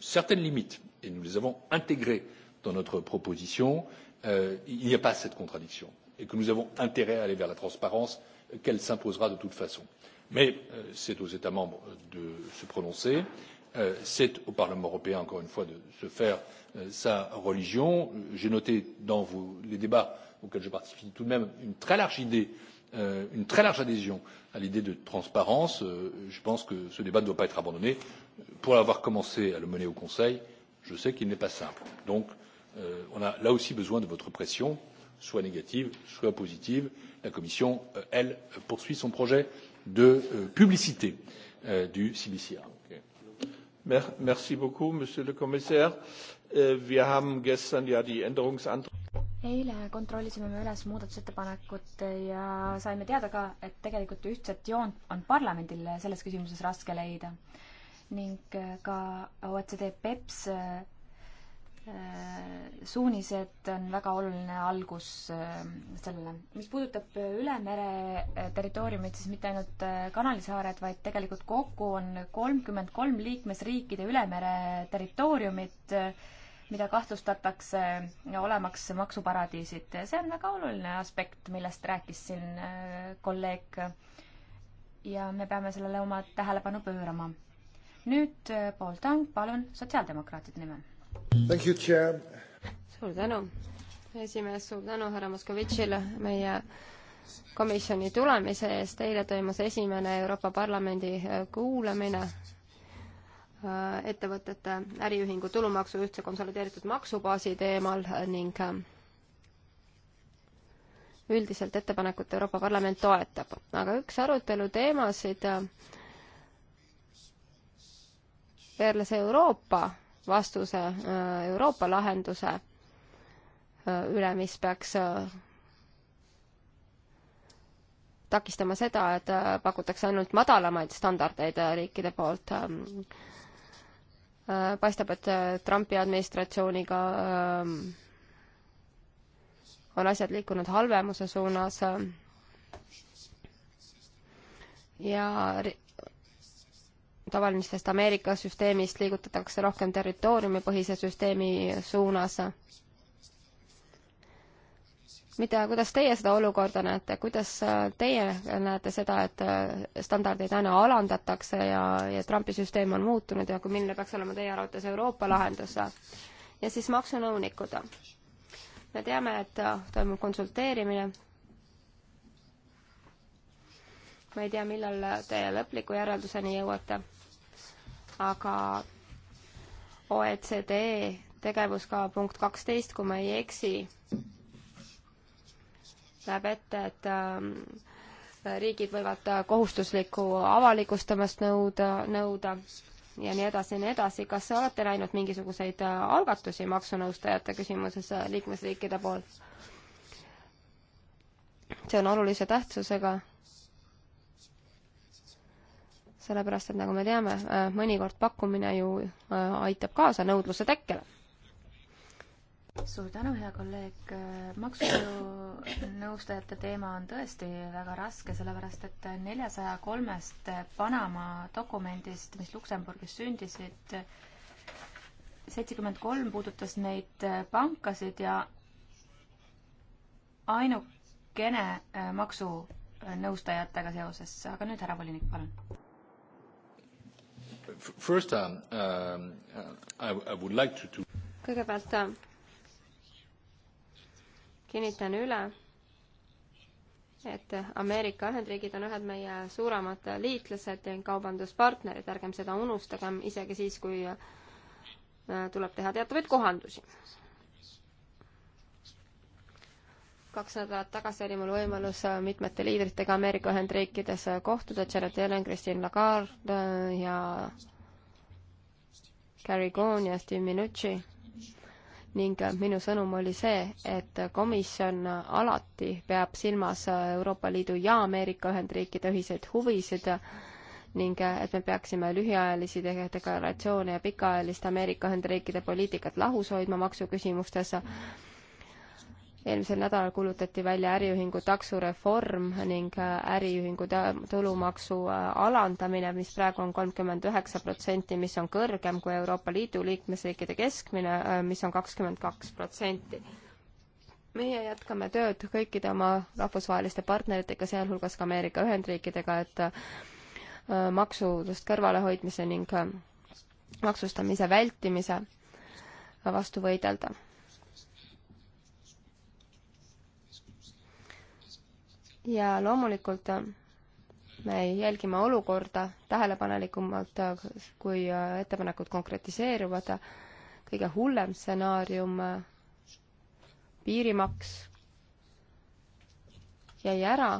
S1: certaines limites et nous les avons intégrées dans notre proposition il n'y a pas cette contradiction et que nous avons intérêt à aller vers la transparence qu'elle s'imposera de toute façon mais euh, c'est aux états membres de se prononcer euh, c'est au parlement européen encore une fois de se faire euh, sa religion. j'ai noté dans les débats auxquels je participe tout de même une très large adhésion à l'idée de transparence. je pense que ce débat ne doit pas être abandonné. pour avoir commencé à le mener au conseil je sais qu'il n'est pas simple. nous avons donc là aussi besoin de votre pression soit négative soit positive la commission euh, elle poursuit son projet de euh, publicité euh, du cbcr. merci beaucoup monsieur le commissaire. wir haben gestern ja die änderungsanträge
S3: eile kontrollisime me üles muudatusettepanekut ja saime teada ka, et tegelikult ühtset joont on parlamendil selles küsimuses raske leida. ning äh, ka OECD PEPS äh, Äh, suunised on väga oluline algus äh, sellele. mis puudutab äh, üle mere territooriumit, siis mitte ainult kanalisaared, vaid tegelikult kokku on kolmkümmend kolm liikmesriikide üle mere territooriumit, mida kahtlustatakse olemaks maksuparadiisid. see on väga oluline aspekt, millest rääkis siin kolleeg. ja me peame sellele oma tähelepanu pöörama. nüüd Paul Tang, palun, sotsiaaldemokraatide nimel suur tänu, esimees, suur tänu härra Moskovitšile meie
S4: komisjoni tulemise eest, eile toimus esimene Euroopa Parlamendi äh, kuulamine äh, ettevõtete äriühingu tulumaksu ühtse konsolideeritud maksubaasi teemal äh, ning üldiselt ettepanekut Euroopa Parlament toetab. aga üks arutelu teemasid veerles Euroopa vastuse äh, Euroopa lahenduse äh, üle, mis peaks äh, takistama seda, et pakutakse ainult madalamaid standardeid riikide poolt. Ähm, paistab, et Trumpi administratsiooniga on asjad liikunud halvemuse suunas ja tavalisest Ameerika süsteemist liigutatakse rohkem territooriumipõhise süsteemi suunas. mida, kuidas teie seda olukorda näete, kuidas äh, teie näete seda, et äh, standardeid aina alandatakse ja, ja Trumpi süsteem on muutunud ja kui milline peaks olema teie arvates Euroopa lahendus? ja siis maksunõunikud. me teame, et äh, toimub konsulteerimine, ma ei tea, millal te lõpliku järelduseni jõuate aga OECD tegevuskava punkt kaksteist, kui ma ei eksi, näeb ette, et ähm, riigid võivad äh, kohustuslikku avalikustamast nõuda, nõuda ja nii edasi ja nii edasi. kas olete näinud mingisuguseid äh, algatusi maksunõustajate küsimuses äh, liikmesriikide poolt? see on olulise tähtsusega sellepärast et nagu me teame, äh, mõnikord pakkumine ju äh, aitab kaasa nõudluse tekkele.
S3: suur tänu, hea kolleeg. Äh, maksunõustajate teema on tõesti väga raske, sellepärast et neljasaja kolmest Panama dokumendist, mis Luksemburgis sündisid, seitsekümmend kolm puudutas neid pankasid ja ainukene maksunõustajatega seoses, aga nüüd härra volinik, palun
S1: First, um, um, I, I would like to, to...
S4: kõigepealt um, kinnitan üle, et Ameerika Ühendriigid on ühed meie suuremad liitlased ja kaubanduspartnerid, ärgem seda unustagem, isegi siis, kui äh, tuleb teha teatavaid kohandusi kaks nädalat tagasi oli mul võimalus äh, mitmete liidritega Ameerika Ühendriikides äh, kohtuda, Jared Yellen, Christine Lagarde äh, ja Gary Cohn ja Steve Minucci ning minu sõnum oli see, et komisjon alati peab silmas Euroopa Liidu ja Ameerika Ühendriikide ühiseid huvisid ning et me peaksime lühiajalisi deklaratsioone ja pikaajalist Ameerika Ühendriikide poliitikat lahus hoidma maksuküsimustes eelmisel nädalal kuulutati välja äriühingu taksoreform ning äh, äriühingu tulumaksu äh, alandamine, mis praegu on kolmkümmend üheksa protsenti, mis on kõrgem kui Euroopa Liidu liikmesriikide keskmine, äh, mis on kakskümmend kaks protsenti. meie jätkame tööd kõikide oma rahvusvaheliste partneritega, sealhulgas ka Ameerika Ühendriikidega, et maksudest kõrvalehoidmise ning maksustamise vältimise vastu võidelda ja loomulikult äh, me jälgime olukorda tähelepanelikumalt, äh, kui äh, ettepanekud konkretiseeruvad. kõige hullem stsenaarium, piirimaks jäi ära.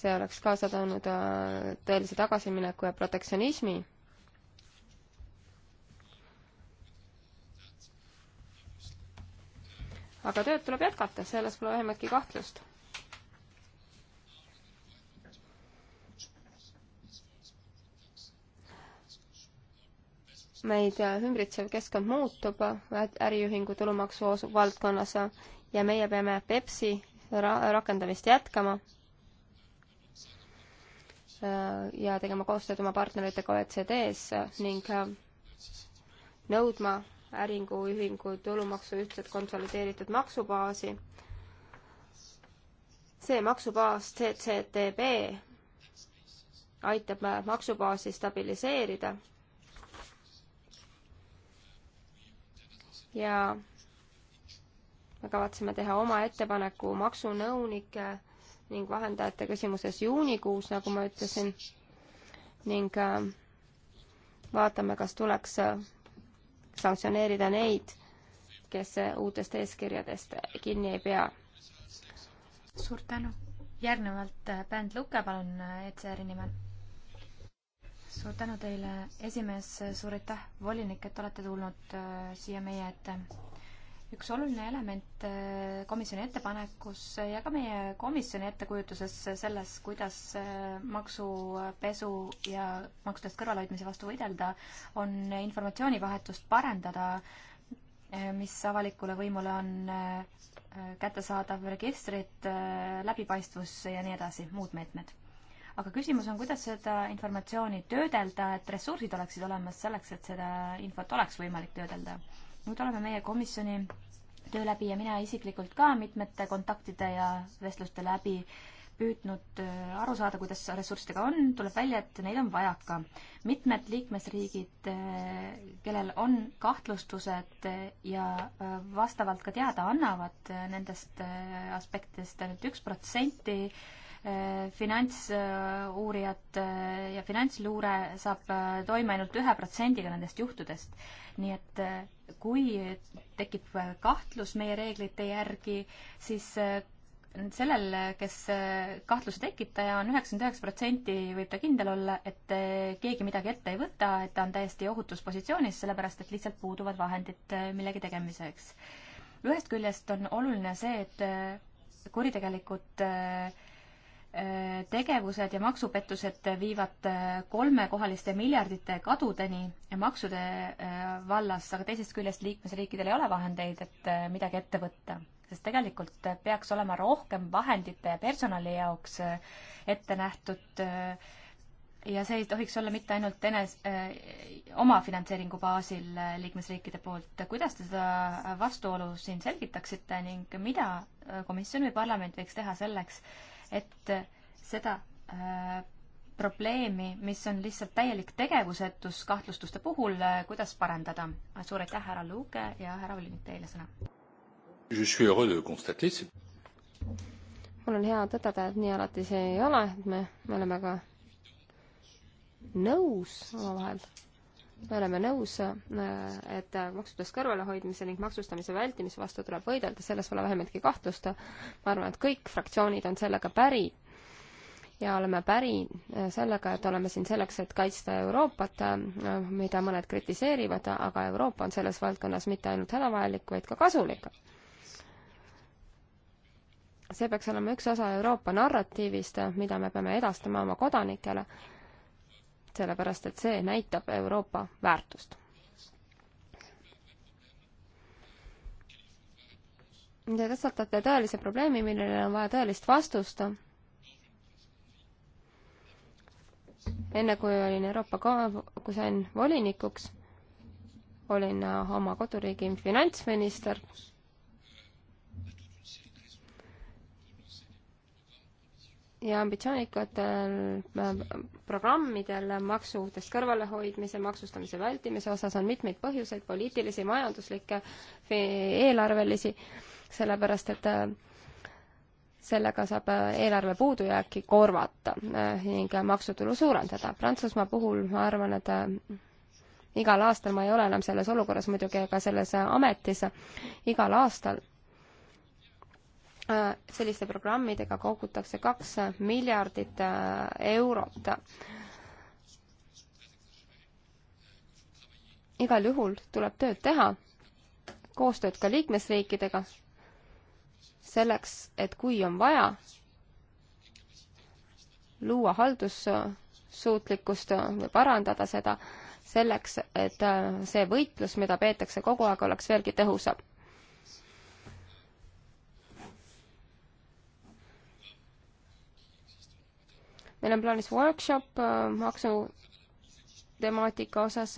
S4: see oleks kaasa toonud tõelise tagasimineku ja protektsionismi aga tööd tuleb jätkata, selles pole vähimatki kahtlust. meid äh, ümbritsev keskkond muutub äh, äriühingu tulumaksu valdkonnas äh, ja meie peame Pepsi ra rakendamist jätkama ja tegema koostööd oma partneritega OECD-s ning nõudma äringuühingu tulumaksu ühtset konsolideeritud maksubaasi. see maksubaas CCTB aitab maksubaasi stabiliseerida ja me kavatseme teha oma ettepaneku maksunõunike ning vahendajate küsimuses juunikuus, nagu ma ütlesin, ning äh, vaatame, kas tuleks äh, sanktsioneerida neid, kes uutest eeskirjadest kinni ei pea.
S3: suur tänu. järgnevalt äh, bänd Luke, palun äh, ECR-i nimel. suur tänu teile, esimees, suur aitäh, volinik, et olete tulnud äh, siia meie ette üks oluline element äh, komisjoni ettepanekus ja ka meie komisjoni ettekujutuses selles, kuidas äh, maksupesu ja maksudest kõrvalhoidmise vastu võidelda, on informatsioonivahetust parendada, äh, mis avalikule võimule on kättesaadav, registrid, läbipaistvus ja nii edasi, muud meetmed aga küsimus on, kuidas seda informatsiooni töödelda, et ressursid oleksid olemas selleks, et seda infot oleks võimalik töödelda nüüd oleme meie komisjoni töö läbi ja mina isiklikult ka mitmete kontaktide ja vestluste läbi püüdnud äh, aru saada, kuidas ressurssidega on, tuleb välja, et neid on vajaka. mitmed liikmesriigid, äh, kellel on kahtlustused äh, ja vastavalt ka teada annavad nendest aspektidest ainult üks protsenti Äh, finantsuurijad äh, ja finantsluure saab äh, toime ainult ühe protsendiga nendest juhtudest. nii et kui tekib kahtlus meie reeglite järgi, siis sellel, kes kahtluse tekitaja on, üheksakümmend üheksa protsenti võib ta kindel olla, et keegi midagi ette ei võta, et ta on täiesti ohutus positsioonis, sellepärast et lihtsalt puuduvad vahendid millegi tegemiseks. ühest küljest on oluline see, et kuritegelikud äh, tegevused ja maksupettused viivad kolmekohaliste miljardite kadudeni maksude äh, vallas, aga teisest küljest liikmesriikidel ei ole vahendeid, et äh, midagi ette võtta. sest tegelikult peaks olema rohkem vahendite ja personali jaoks äh, ette nähtud ja see ei tohiks olla mitte ainult enes-, oma finantseeringu baasil liikmesriikide poolt. kuidas te seda vastuolu siin selgitaksite ning mida komisjon või parlament võiks teha selleks, et äh, seda äh, probleemi, mis on lihtsalt täielik tegevusetus kahtlustuste puhul, äh, kuidas parandada. suur aitäh, härra Luuke ja härra Volinik, teile sõna.
S4: mul on hea tõdeda, et nii alati see ei ole, et me, me oleme ka nõus omavahel me oleme nõus, äh, et äh, maksudest kõrvalehoidmise ning maksustamise vältimise vastu tuleb võidelda, selles pole vähimatki kahtlust. ma arvan, et kõik fraktsioonid on sellega päri ja oleme päri äh, sellega, et oleme siin selleks, et kaitsta Euroopat, mida mõned kritiseerivad, aga Euroopa on selles valdkonnas mitte ainult hädavajalik, vaid ka kasulik. see peaks olema üks osa Euroopa narratiivist, mida me peame edastama oma kodanikele sellepärast et see näitab Euroopa väärtust. Te tõstatate tõelise probleemi, millele on vaja tõelist vastust. enne kui olin Euroopa ka-, kui sain volinikuks, olin oma koduriigi finantsminister ja ambitsioonikatel äh, programmidel maksudest kõrvalehoidmise, maksustamise vältimise osas on mitmeid põhjuseid, poliitilisi, majanduslikke, eelarvelisi, sellepärast et äh, sellega saab äh, eelarve puudujääki korvata ning maksutulu suurendada. Prantsusmaa puhul ma arvan, et igal aastal, ma ei ole enam selles olukorras muidugi, aga selles ametis, igal aastal Äh, selliste programmidega kogutakse kaks miljardit äh, eurot. igal juhul tuleb tööd teha, koostööd ka liikmesriikidega, selleks, et kui on vaja luua haldussuutlikkust või parandada seda, selleks, et äh, see võitlus, mida peetakse kogu aeg, oleks veelgi tõhusam meil on plaanis workshop äh, maksutemaatika osas.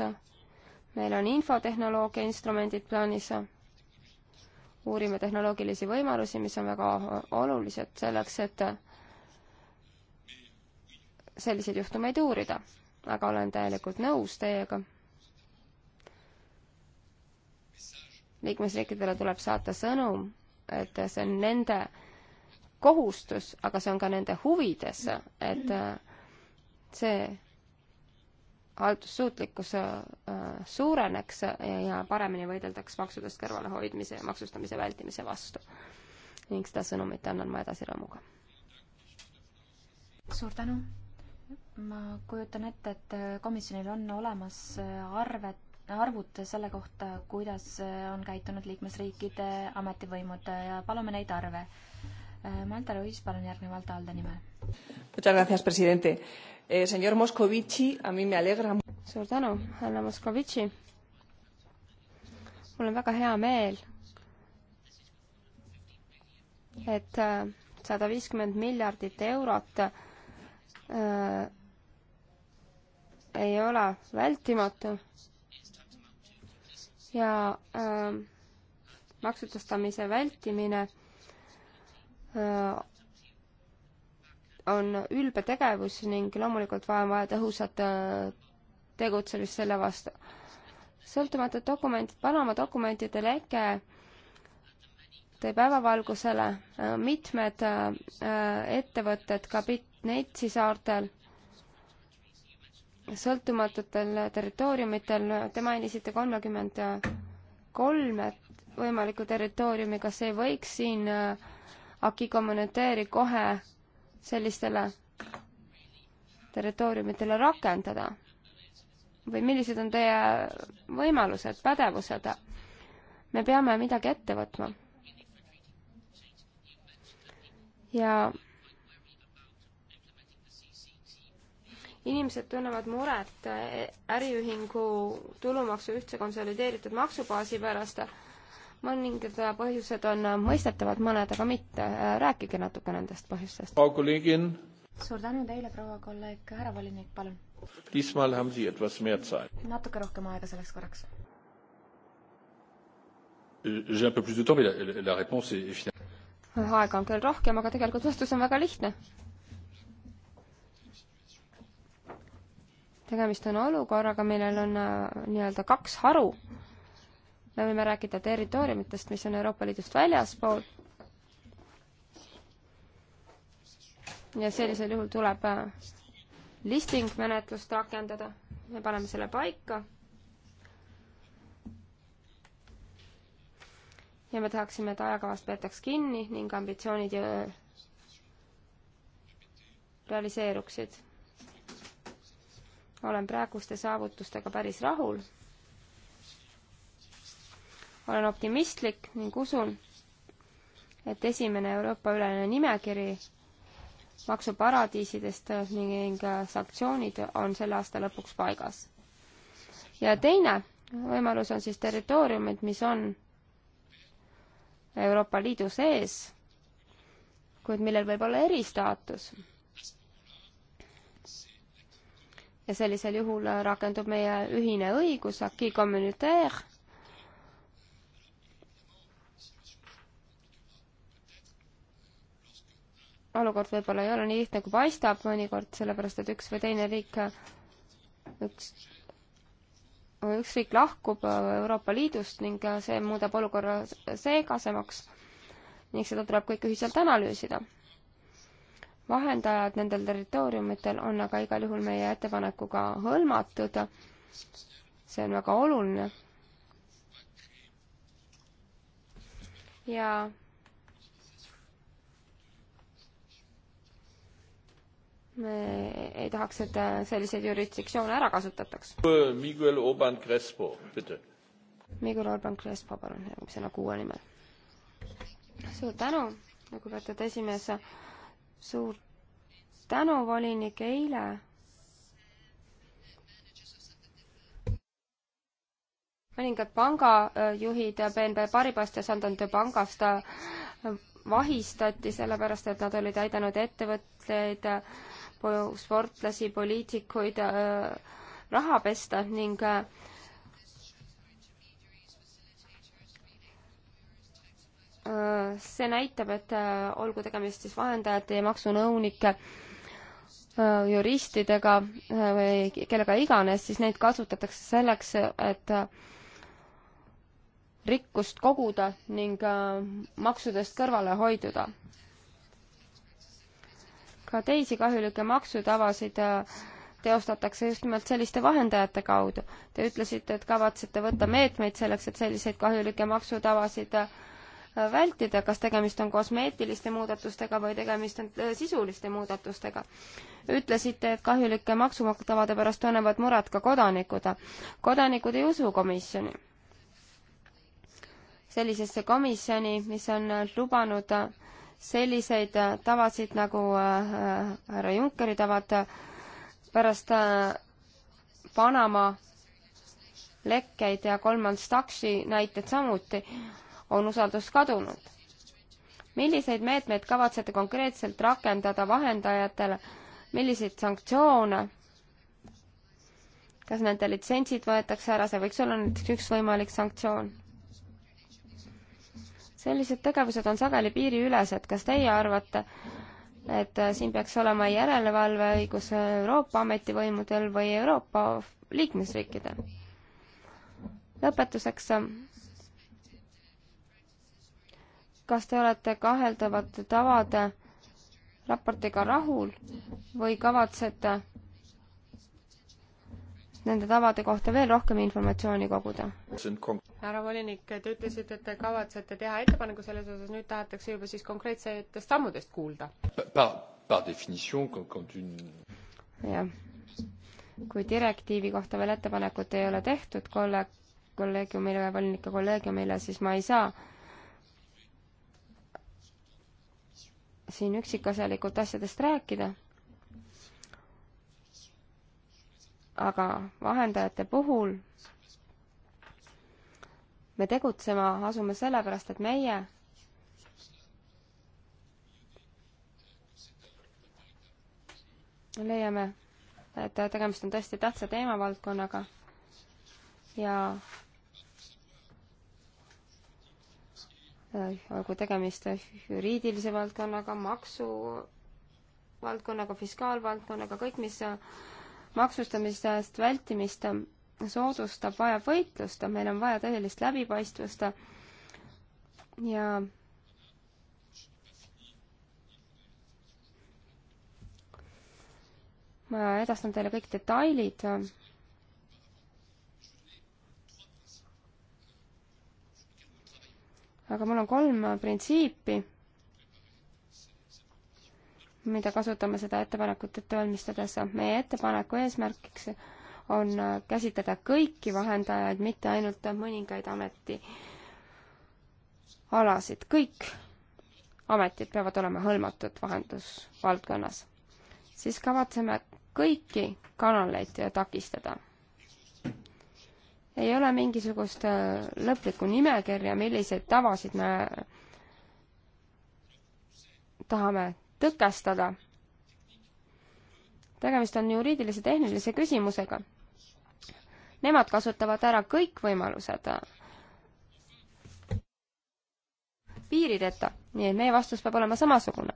S4: meil on infotehnoloogia instrumendid plaanis. uurime tehnoloogilisi võimalusi, mis on väga olulised selleks, et selliseid juhtumeid uurida. aga olen täielikult nõus teiega. liikmesriikidele tuleb saata sõnum, et see on nende kohustus, aga see on ka nende huvides, et äh, see haldussuutlikkus äh, suureneks ja paremini võideldaks maksudest kõrvalehoidmise ja maksustamise vältimise vastu. ning seda sõnumit annan ma edasi rõõmuga.
S3: suur tänu! ma kujutan ette, et komisjonil on olemas äh, arved arvud selle kohta, kuidas on käitunud liikmesriikide ametivõimud ja palume neid arve. Äh, Malta Ruiz, palun järgnevalt ALDE nimel.
S2: Muchas gracias, presidente
S4: eh,. Señor Moscovici, a mí me alegra.
S3: suur tänu, härra
S4: Moscovici. mul on väga hea meel, et äh, sada viiskümmend miljardit eurot äh, ei ole vältimatu ja äh, maksutastamise vältimine äh, Äh, on ülbe tegevus ning loomulikult vaja on vaja tõhusat äh, tegutsemist selle vastu. sõltumatud dokumendid, Panama dokumentide leke tõi päevavalgusele äh, mitmed ettevõtted ka Bitnetsi saartel sõltumatutel territooriumitel, te mainisite kolmekümmend kolm võimalikku territooriumi, kas ei võiks siin äh, Aki kommenteeri kohe sellistele territooriumitele rakendada? või millised on teie võimalused, pädevused? me peame midagi ette võtma. ja inimesed tunnevad muret äriühingu tulumaksu ühtse konsolideeritud maksubaasi pärast mõningad äh, põhjused on äh, mõistetavad, mõned aga mitte. Äh, rääkige natuke nendest põhjustest. Frau Kollegin.
S3: suur tänu teile, proua kolleeg, härra volinik, palun.
S1: Diesmal haben Sie etwas mehr Zeit.
S3: natuke rohkem aega selleks korraks.
S1: J'ai un peu plus de temps, mais la, la réponse est
S4: finalement aega on küll rohkem, aga tegelikult vastus on väga lihtne. tegemist on olukorraga, millel on nii-öelda kaks haru me võime rääkida territooriumitest, mis on Euroopa Liidust väljaspool. ja sellisel juhul tuleb äh, listing menetlust rakendada, me paneme selle paika. ja me tahaksime, et ajakavast peetaks kinni ning ambitsioonid äh, realiseeruksid. olen praeguste saavutustega päris rahul olen optimistlik ning usun, et esimene Euroopa-ülene nimekiri maksuparadiisidest ning sanktsioonid on selle aasta lõpuks paigas. ja teine võimalus on siis territooriumid, mis on Euroopa Liidu sees, kuid millel võib olla eristaatus. ja sellisel juhul rakendub meie ühine õigus, acquis communautaire, olukord võib-olla ei ole nii lihtne, kui paistab mõnikord, sellepärast et üks või teine riik, üks, üks riik lahkub Euroopa Liidust ning see muudab olukorra segasemaks ning seda tuleb kõik ühiselt analüüsida. vahendajad nendel territooriumitel on aga igal juhul meie ettepanekuga hõlmatud. see on väga oluline. ja me ei tahaks, et äh, selliseid jurisdiktsioone ära kasutataks.
S1: Miguel Urban Crespo, bitte.
S4: Miguel Urban Crespo, palun, järgmisena kuue nimel. suur tänu, lugupeetud esimees. suur tänu, volinik, eile mõningad pangajuhid BNP Paribast ja Santander pangast äh, vahistati sellepärast, et nad olid aidanud ettevõtteid sportlasi, poliitikuid äh, raha pesta ning äh, see näitab, et äh, olgu tegemist siis vahendajate ja maksunõunike juristidega või kellega iganes, siis neid kasutatakse selleks, et rikkust koguda ning maksudest kõrvale hoiduda ka teisi kahjulikke maksutavasid äh, teostatakse just nimelt selliste vahendajate kaudu. Te ütlesite, et kavatsete võtta meetmeid selleks, et selliseid kahjulikke maksutavasid äh, vältida, kas tegemist on kosmeetiliste muudatustega või tegemist on äh, sisuliste muudatustega. ütlesite, et kahjulike maksutavade pärast tunnevad muret ka kodanikud. kodanikud ei usu komisjoni. sellisesse komisjoni, mis on lubanud selliseid äh, tavasid nagu äh, härra Junckeri tavad äh, pärast Panama lekkeid ja kolmandast taksi näited samuti on usaldus kadunud. milliseid meetmeid kavatsete konkreetselt rakendada vahendajatele, milliseid sanktsioone? kas nende litsentsid võetakse ära, see võiks olla näiteks üks võimalik sanktsioon sellised tegevused on sageli piiriülesed, kas teie arvate, et äh, siin peaks olema järelevalveõigus äh, Euroopa ametivõimudel või Euroopa liikmesriikidel? lõpetuseks, äh, kas te olete kaheldavate tavade raportiga rahul või kavatsete nende tavade kohta veel rohkem informatsiooni koguda.
S2: härra volinik, te ütlesite, et te kavatsete teha ettepaneku selles osas, nüüd tahetakse juba siis konkreetsetest sammudest kuulda.
S4: jah, kui direktiivi kohta veel ettepanekut ei ole tehtud kolle-, kolleegiumile, volinike kolleegiumile, siis ma ei saa siin üksikasjalikult asjadest rääkida aga vahendajate puhul me tegutsema asume sellepärast, et meie leiame, et tegemist on tõesti tähtsa teemavaldkonnaga ja olgu tegemist juriidilise valdkonnaga, maksu valdkonnaga, fiskaalvaldkonnaga, kõik, mis maksustamisest vältimist soodustab, vajab võitlust, meil on vaja täielist läbipaistvust ja ma edastan teile kõik detailid. aga mul on kolm printsiipi mida kasutame seda ettepanekut ette valmistades. meie ettepaneku eesmärgiks on käsitleda kõiki vahendajaid, mitte ainult mõningaid ametialasid. kõik ametid peavad olema hõlmatud vahendusvaldkonnas. siis kavatseme kõiki kanaleid takistada. ei ole mingisugust äh, lõplikku nimekirja, milliseid tavasid me tahame tõkestada. tegemist on juriidilise tehnilise küsimusega. Nemad kasutavad ära kõik võimalused piirideta, nii et meie vastus peab olema samasugune.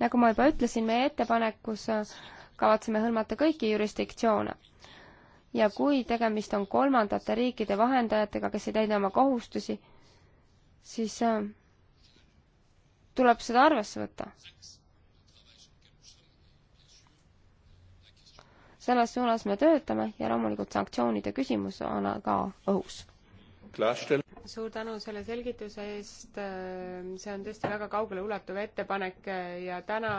S4: nagu ma juba ütlesin, meie ettepanekus kavatseme hõlmata kõiki jurisdiktsioone. ja kui tegemist on kolmandate riikide vahendajatega, kes ei täida oma kohustusi, siis äh, tuleb seda arvesse võtta. selles suunas me töötame ja loomulikult sanktsioonide küsimus on ka õhus.
S2: suur tänu selle selgituse eest, see on tõesti väga kaugeleulatuv ettepanek ja täna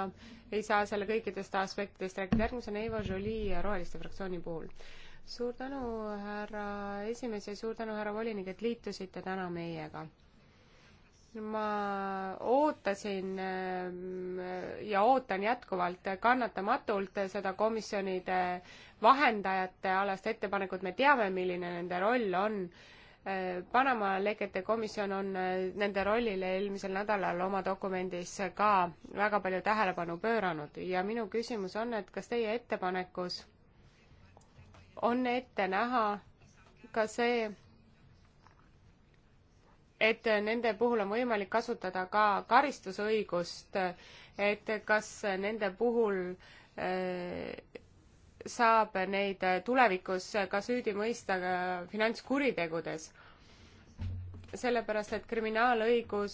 S2: ei saa selle kõikidest aspektidest rääkida, järgmisena Eva Jolie Roheliste fraktsiooni puhul suur tänu, härra esimees ja suur tänu, härra volinik, et liitusite täna meiega ma ootasin ehm, ja ootan jätkuvalt kannatamatult seda komisjonide vahendajate alast ettepanekut, me teame, milline nende roll on. Ehm, Panama lekete komisjon on ehm, nende rollile eelmisel nädalal oma dokumendis ka väga palju tähelepanu pööranud ja minu küsimus on, et kas teie ettepanekus on ette näha ka see, et nende puhul on võimalik kasutada ka karistusõigust, et kas nende puhul äh, saab neid tulevikus ka süüdi mõista finantskuritegudes. sellepärast, et kriminaalõigus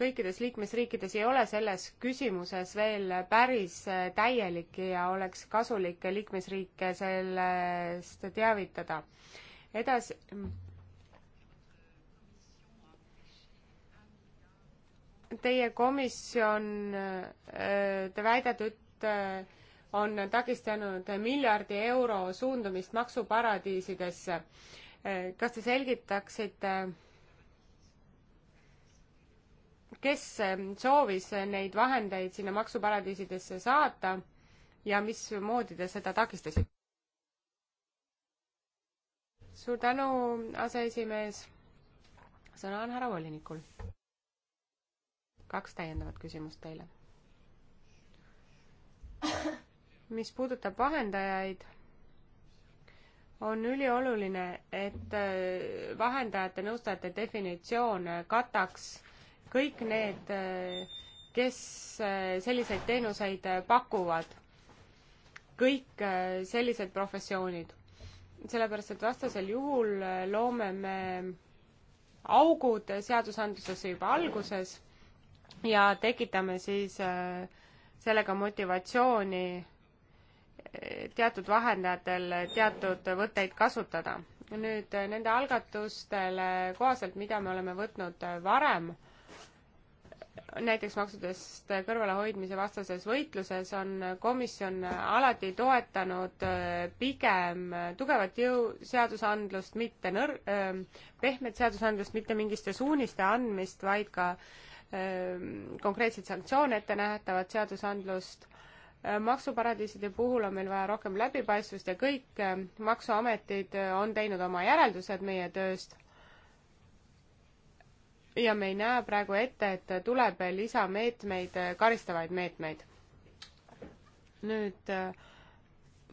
S2: kõikides liikmesriikides ei ole selles küsimuses veel päris täielik ja oleks kasulik liikmesriike sellest teavitada. edasi teie komisjon, äh, te väidate, et äh, on takistanud miljardi euro suundumist maksuparadiisidesse. Äh, kas te selgitaksite, kes soovis neid vahendeid sinna maksuparadiisidesse saata ja mismoodi te seda takistasite? suur tänu, aseesimees. sõna on härra volinikul kaks täiendavat küsimust teile. mis puudutab vahendajaid, on ülioluline, et äh, vahendajate, nõustajate definitsioon äh, kataks kõik need, äh, kes selliseid teenuseid pakuvad, kõik sellised professioonid. sellepärast, et vastasel juhul loome me augud seadusandlusesse juba alguses ja tekitame siis äh, sellega motivatsiooni äh, teatud vahendajatel teatud võtteid kasutada. nüüd äh, nende algatustele kohaselt, mida me oleme võtnud varem, näiteks maksudest kõrvalehoidmise vastases võitluses on komisjon alati toetanud pigem tugevat jõuseadusandlust, mitte nõr-, pehmet seadusandlust, mitte mingiste suuniste andmist, vaid ka äh, Ehm, konkreetseid sanktsioone ette nähtavat seadusandlust. Ehm, maksuparadiiside puhul on meil vaja rohkem läbipaistvust ja kõik ehm, maksuametid on teinud oma järeldused meie tööst. ja me ei näe praegu ette, et tuleb lisameetmeid, karistavaid meetmeid. nüüd äh,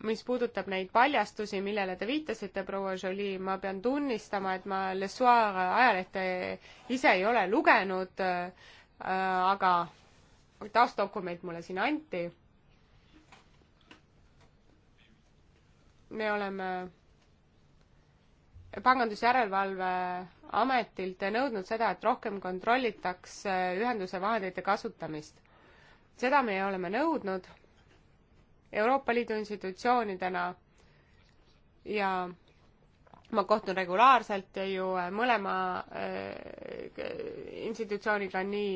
S2: mis puudutab neid paljastusi, millele te viitasite, proua Jolie, ma pean tunnistama, et ma Le Soir ajalehte ise ei ole lugenud äh,, aga taustdokument mulle siin anti. me oleme pangandusjärelevalve ametilt nõudnud seda, et rohkem kontrollitaks ühenduse vahendite kasutamist. seda me oleme nõudnud Euroopa Liidu institutsioonidena ja ma kohtun regulaarselt ju äh, mõlema äh, institutsiooniga nii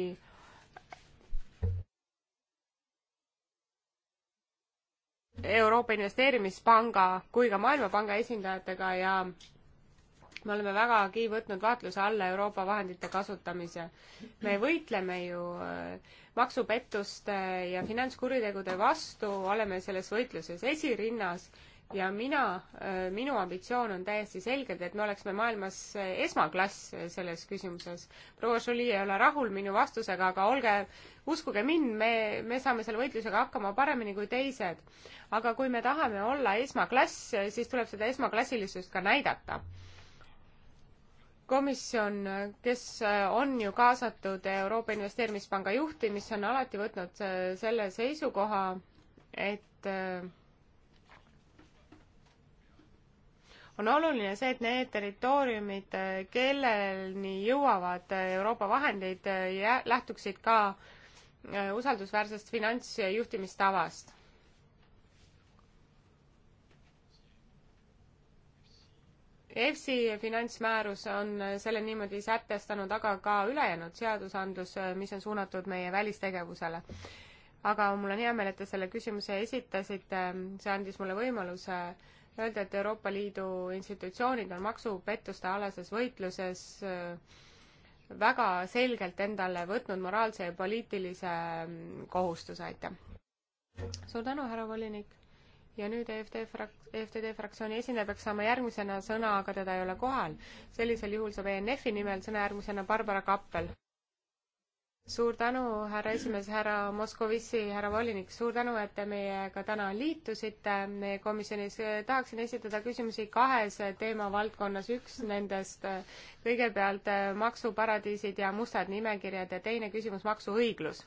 S2: Euroopa Investeerimispanga kui ka Maailmapanga esindajatega ja me oleme vägagi võtnud vaatluse alla Euroopa vahendite kasutamise. me võitleme ju äh, maksupettuste ja finantskuritegude vastu, oleme selles võitluses esirinnas ja mina, äh, minu ambitsioon on täiesti selgelt, et me oleksime maailmas äh, esmaklass selles küsimuses. proua Jolie ei ole rahul minu vastusega, aga olge, uskuge mind, me, me saame selle võitlusega hakkama paremini kui teised. aga kui me tahame olla esmaklass, siis tuleb seda esmaklassilisust ka näidata komisjon, kes äh, on ju kaasatud Euroopa Investeerimispanga juhtimisse, on alati võtnud äh, selle seisukoha, et äh, on oluline see, et need territooriumid, kelleni jõuavad Euroopa vahendeid, lähtuksid ka usaldusväärsest finantsjuhtimistavast EFSI finantsmäärus on selle niimoodi sätestanud, aga ka ülejäänud seadusandlus, mis on suunatud meie välistegevusele. aga mul on hea meel, et te selle küsimuse esitasite, see andis mulle võimaluse öelda, et Euroopa Liidu institutsioonid on maksupettuste alases võitluses äh, väga selgelt endale võtnud moraalse ja poliitilise mm, kohustuse, aitäh! suur tänu, härra volinik! ja nüüd EFD frak-, EFTD fraktsiooni esindaja peaks saama järgmisena sõna, aga teda ei ole kohal. sellisel juhul saab ENF-i nimel sõna järgmisena Barbara Kappel. suur tänu, härra esimees, härra Moskovitši, härra volinik, suur tänu, et te meiega täna liitusite meie komisjonis. Eh, tahaksin esitada küsimusi kahes teemavaldkonnas, üks nendest eh, kõigepealt eh, maksuparadiisid ja mustad nimekirjad ja teine küsimus maksuõiglus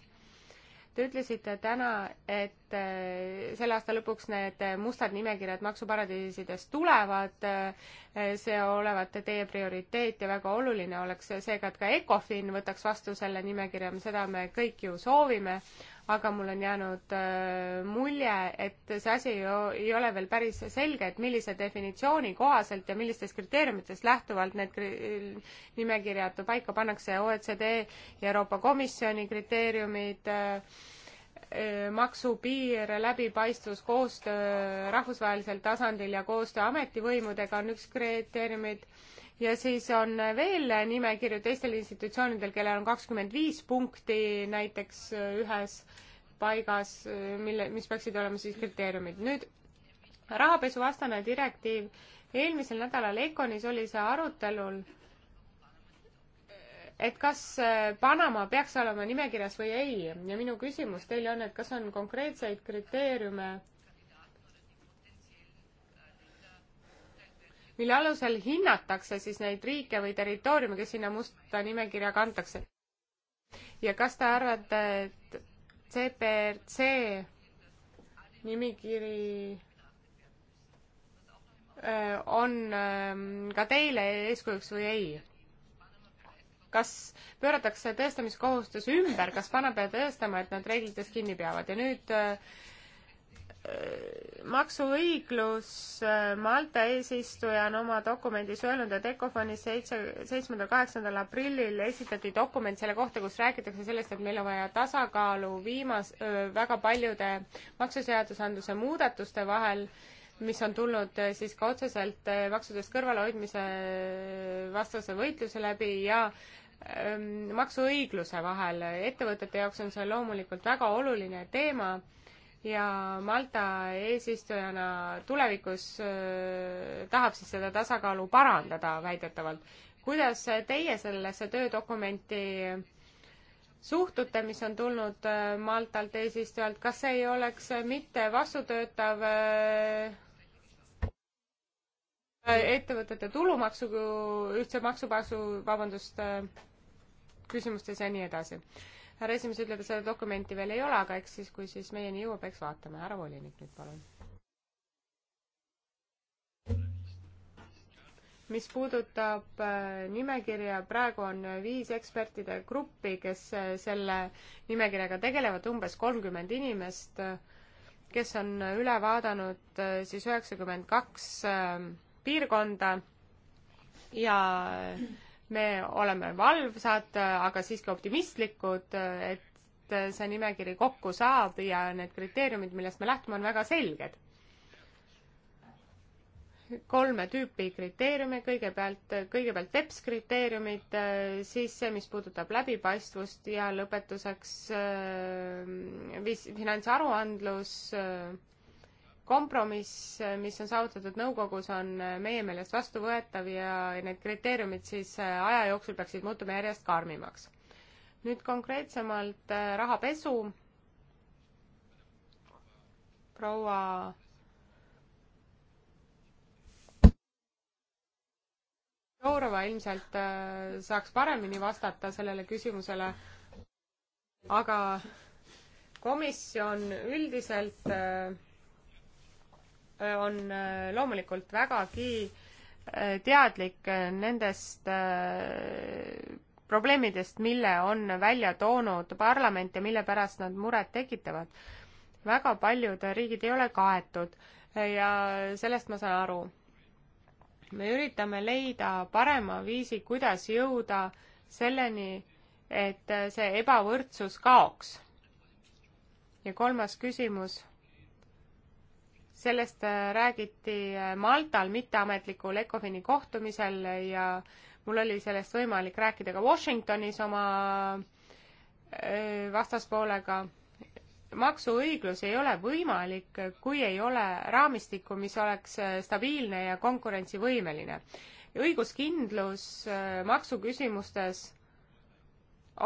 S2: Te ütlesite täna, et äh, selle aasta lõpuks need mustad nimekirjad maksuparadiisidest tulevad, äh, see olevat teie prioriteet ja väga oluline oleks seega, et ka ECOFIN võtaks vastu selle nimekirja, seda me kõik ju soovime, aga mul on jäänud äh, mulje, et see asi ju ei ole veel päris selge, et millise definitsiooni kohaselt ja millistest kriteeriumitest lähtuvalt need nimekirjad paika pannakse, OECD ja Euroopa Komisjoni kriteeriumid äh, äh, maksupiir, läbipaistvus, koostöö rahvusvahelisel tasandil ja koostöö ametivõimudega on üks kriteeriumid ja siis on veel nimekirju teistel institutsioonidel, kellel on kakskümmend viis punkti näiteks ühes paigas, mille, mis peaksid olema siis kriteeriumid. nüüd rahapesuvastane direktiiv, eelmisel nädalal Econis oli see arutelul, et kas Panama peaks olema nimekirjas või ei ja minu küsimus teile on, et kas on konkreetseid kriteeriume mille alusel hinnatakse siis neid riike või territooriume, kes sinna musta nimekirja kantakse. ja kas te arvate, et CPRC nimikiri on ka teile eeskujuks või ei? kas pööratakse tõestamiskohustus ümber, kas panna peab tõestama, et nad reeglitest kinni peavad ja nüüd maksuõiglus, äh, Malta eesistuja on oma dokumendis öelnud, et Ecofonis seitse, seitsmendal, kaheksandal aprillil esitati dokument selle kohta, kus räägitakse sellest, et meil on vaja tasakaalu viimas-, väga paljude maksuseadusandluse muudatuste vahel, mis on tulnud äh, siis ka otseselt äh, maksudest kõrvalehoidmise vastase võitluse läbi ja ähm, maksuõigluse vahel. ettevõtete jaoks on see loomulikult väga oluline teema ja Malta eesistujana tulevikus äh, tahab siis seda tasakaalu parandada väidetavalt. kuidas teie sellesse töödokumenti suhtute, mis on tulnud äh, Maltalt eesistujalt, kas see ei oleks mitte vastutöötav äh, äh ettevõtete tulumaksu, ühtse maksubaasu, vabandust, äh, küsimustes ja nii edasi? härra esimees ütleb, et seda dokumenti veel ei ole, aga eks siis, kui siis meieni jõuab, eks vaatame. härra volinik nüüd, palun. mis puudutab äh, nimekirja, praegu on viis ekspertide gruppi, kes äh, selle nimekirjaga tegelevad, umbes kolmkümmend inimest, äh, kes on üle vaadanud siis üheksakümmend kaks piirkonda ja me oleme valvsad, aga siiski optimistlikud, et see nimekiri kokku saab ja need kriteeriumid, millest me lähtume, on väga selged. kolme tüüpi kriteeriume, kõigepealt, kõigepealt TEPS kriteeriumid, siis see, mis puudutab läbipaistvust ja lõpetuseks äh, finantsaruandlus äh, kompromiss, mis on saavutatud nõukogus, on meie meelest vastuvõetav ja need kriteeriumid siis äh, aja jooksul peaksid muutuma järjest karmimaks. nüüd konkreetsemalt äh, rahapesu. proua Jourova ilmselt äh, saaks paremini vastata sellele küsimusele, aga komisjon üldiselt äh, on äh, loomulikult vägagi äh, teadlik äh, nendest probleemidest, mille on välja toonud parlament ja mille pärast nad muret tekitavad. väga paljud riigid ei ole kaetud ja sellest ma saan aru. me üritame leida parema viisi, kuidas jõuda selleni, et see ebavõrdsus kaoks. ja kolmas küsimus sellest äh, räägiti äh, Maltal mitteametlikul ECOFIN-i kohtumisel ja mul oli sellest võimalik rääkida ka Washingtonis oma äh, vastaspoolega. maksuõiglus ei ole võimalik, kui ei ole raamistikku, mis oleks stabiilne ja konkurentsivõimeline. õiguskindlus maksuküsimustes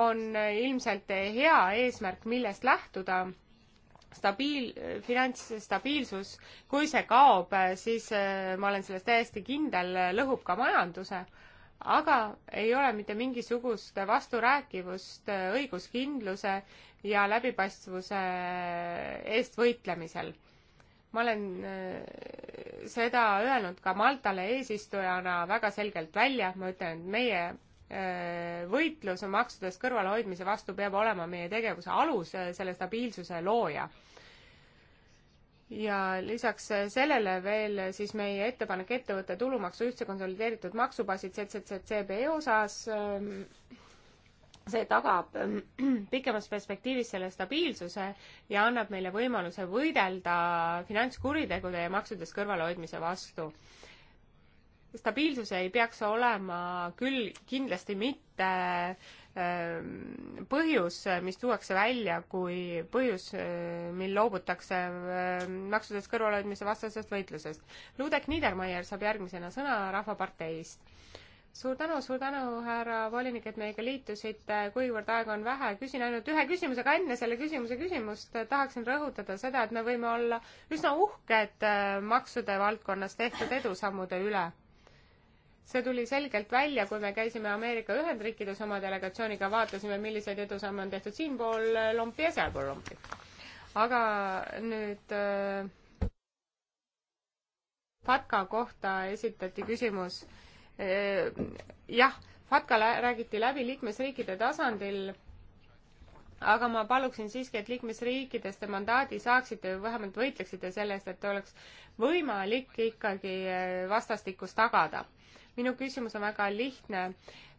S2: on ilmselt hea eesmärk, millest lähtuda stabiil, finantsstabiilsus, kui see kaob, siis äh, ma olen selles täiesti kindel, lõhub ka majanduse, aga ei ole mitte mingisugust vasturääkivust äh, õiguskindluse ja läbipaistvuse äh, eest võitlemisel. ma olen seda öelnud ka Maltale eesistujana väga selgelt välja, ma ütlen, et meie Äh, võitlus maksudest kõrvalehoidmise vastu peab olema meie tegevuse alus, äh, selle stabiilsuse looja. ja lisaks äh, sellele veel siis meie ettepanek ettevõtte tulumaksu ühtse konsolideeritud maksubaasid CCCCB osas, ähm, see tagab ähm, *clears throat* pikemas perspektiivis selle stabiilsuse ja annab meile võimaluse võidelda finantskuritegude ja maksudest kõrvalehoidmise vastu stabiilsus ei peaks olema küll kindlasti mitte ähm, põhjus, mis tuuakse välja kui põhjus, äh, mil loobutakse ähm, maksudest kõrvalhoidmise vastasest võitlusest. Ludek Niedermayer saab järgmisena sõna Rahvaparteist. suur tänu, suur tänu, härra volinik, et meiega liitusite, kuivõrd aega on vähe, küsin ainult ühe küsimuse, aga enne selle küsimuse küsimust tahaksin rõhutada seda, et me võime olla üsna uhked äh, maksude valdkonnas tehtud edusammude üle see tuli selgelt välja, kui me käisime Ameerika Ühendriikides oma delegatsiooniga, vaatasime, milliseid edusamme on tehtud siinpool äh, lompi ja sealpool lompi. aga nüüd äh, FATKA kohta esitati küsimus äh,. jah, FATKA lä räägiti läbi liikmesriikide tasandil, aga ma paluksin siiski, et liikmesriikides te mandaadi saaksite või vähemalt võitleksite selle eest, et oleks võimalik ikkagi äh, vastastikkus tagada minu küsimus on väga lihtne.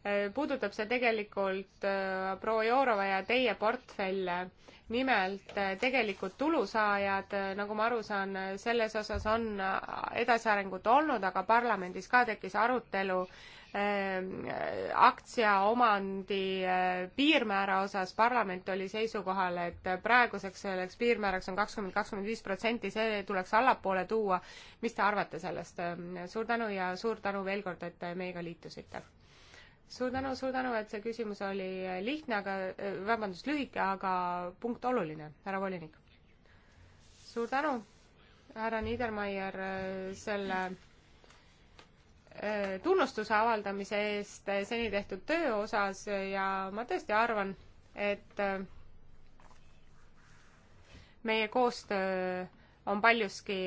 S2: Äh, puudutab see tegelikult äh, proua Jourova ja teie portfelle. nimelt äh, tegelikult tulusaajad, nagu ma aru saan, selles osas on edasiarengut olnud, aga parlamendis ka tekkis arutelu äh, Ehm, aktsiaomandi eh, piirmäära osas parlament oli seisukohal, et praeguseks selleks piirmääraks on kakskümmend, kakskümmend viis protsenti, see tuleks allapoole tuua. mis te arvate sellest? Ehm, suur tänu ja suur tänu veel kord, et meiega liitusite. suur tänu, suur tänu, et see küsimus oli lihtne, aga, eh, vabandust, lühike, aga punkt oluline, härra volinik. suur tänu, härra Niedermeier, eh, selle Äh, tunnustuse avaldamise eest äh, seni tehtud töö osas ja ma tõesti arvan, et äh, meie koostöö on paljuski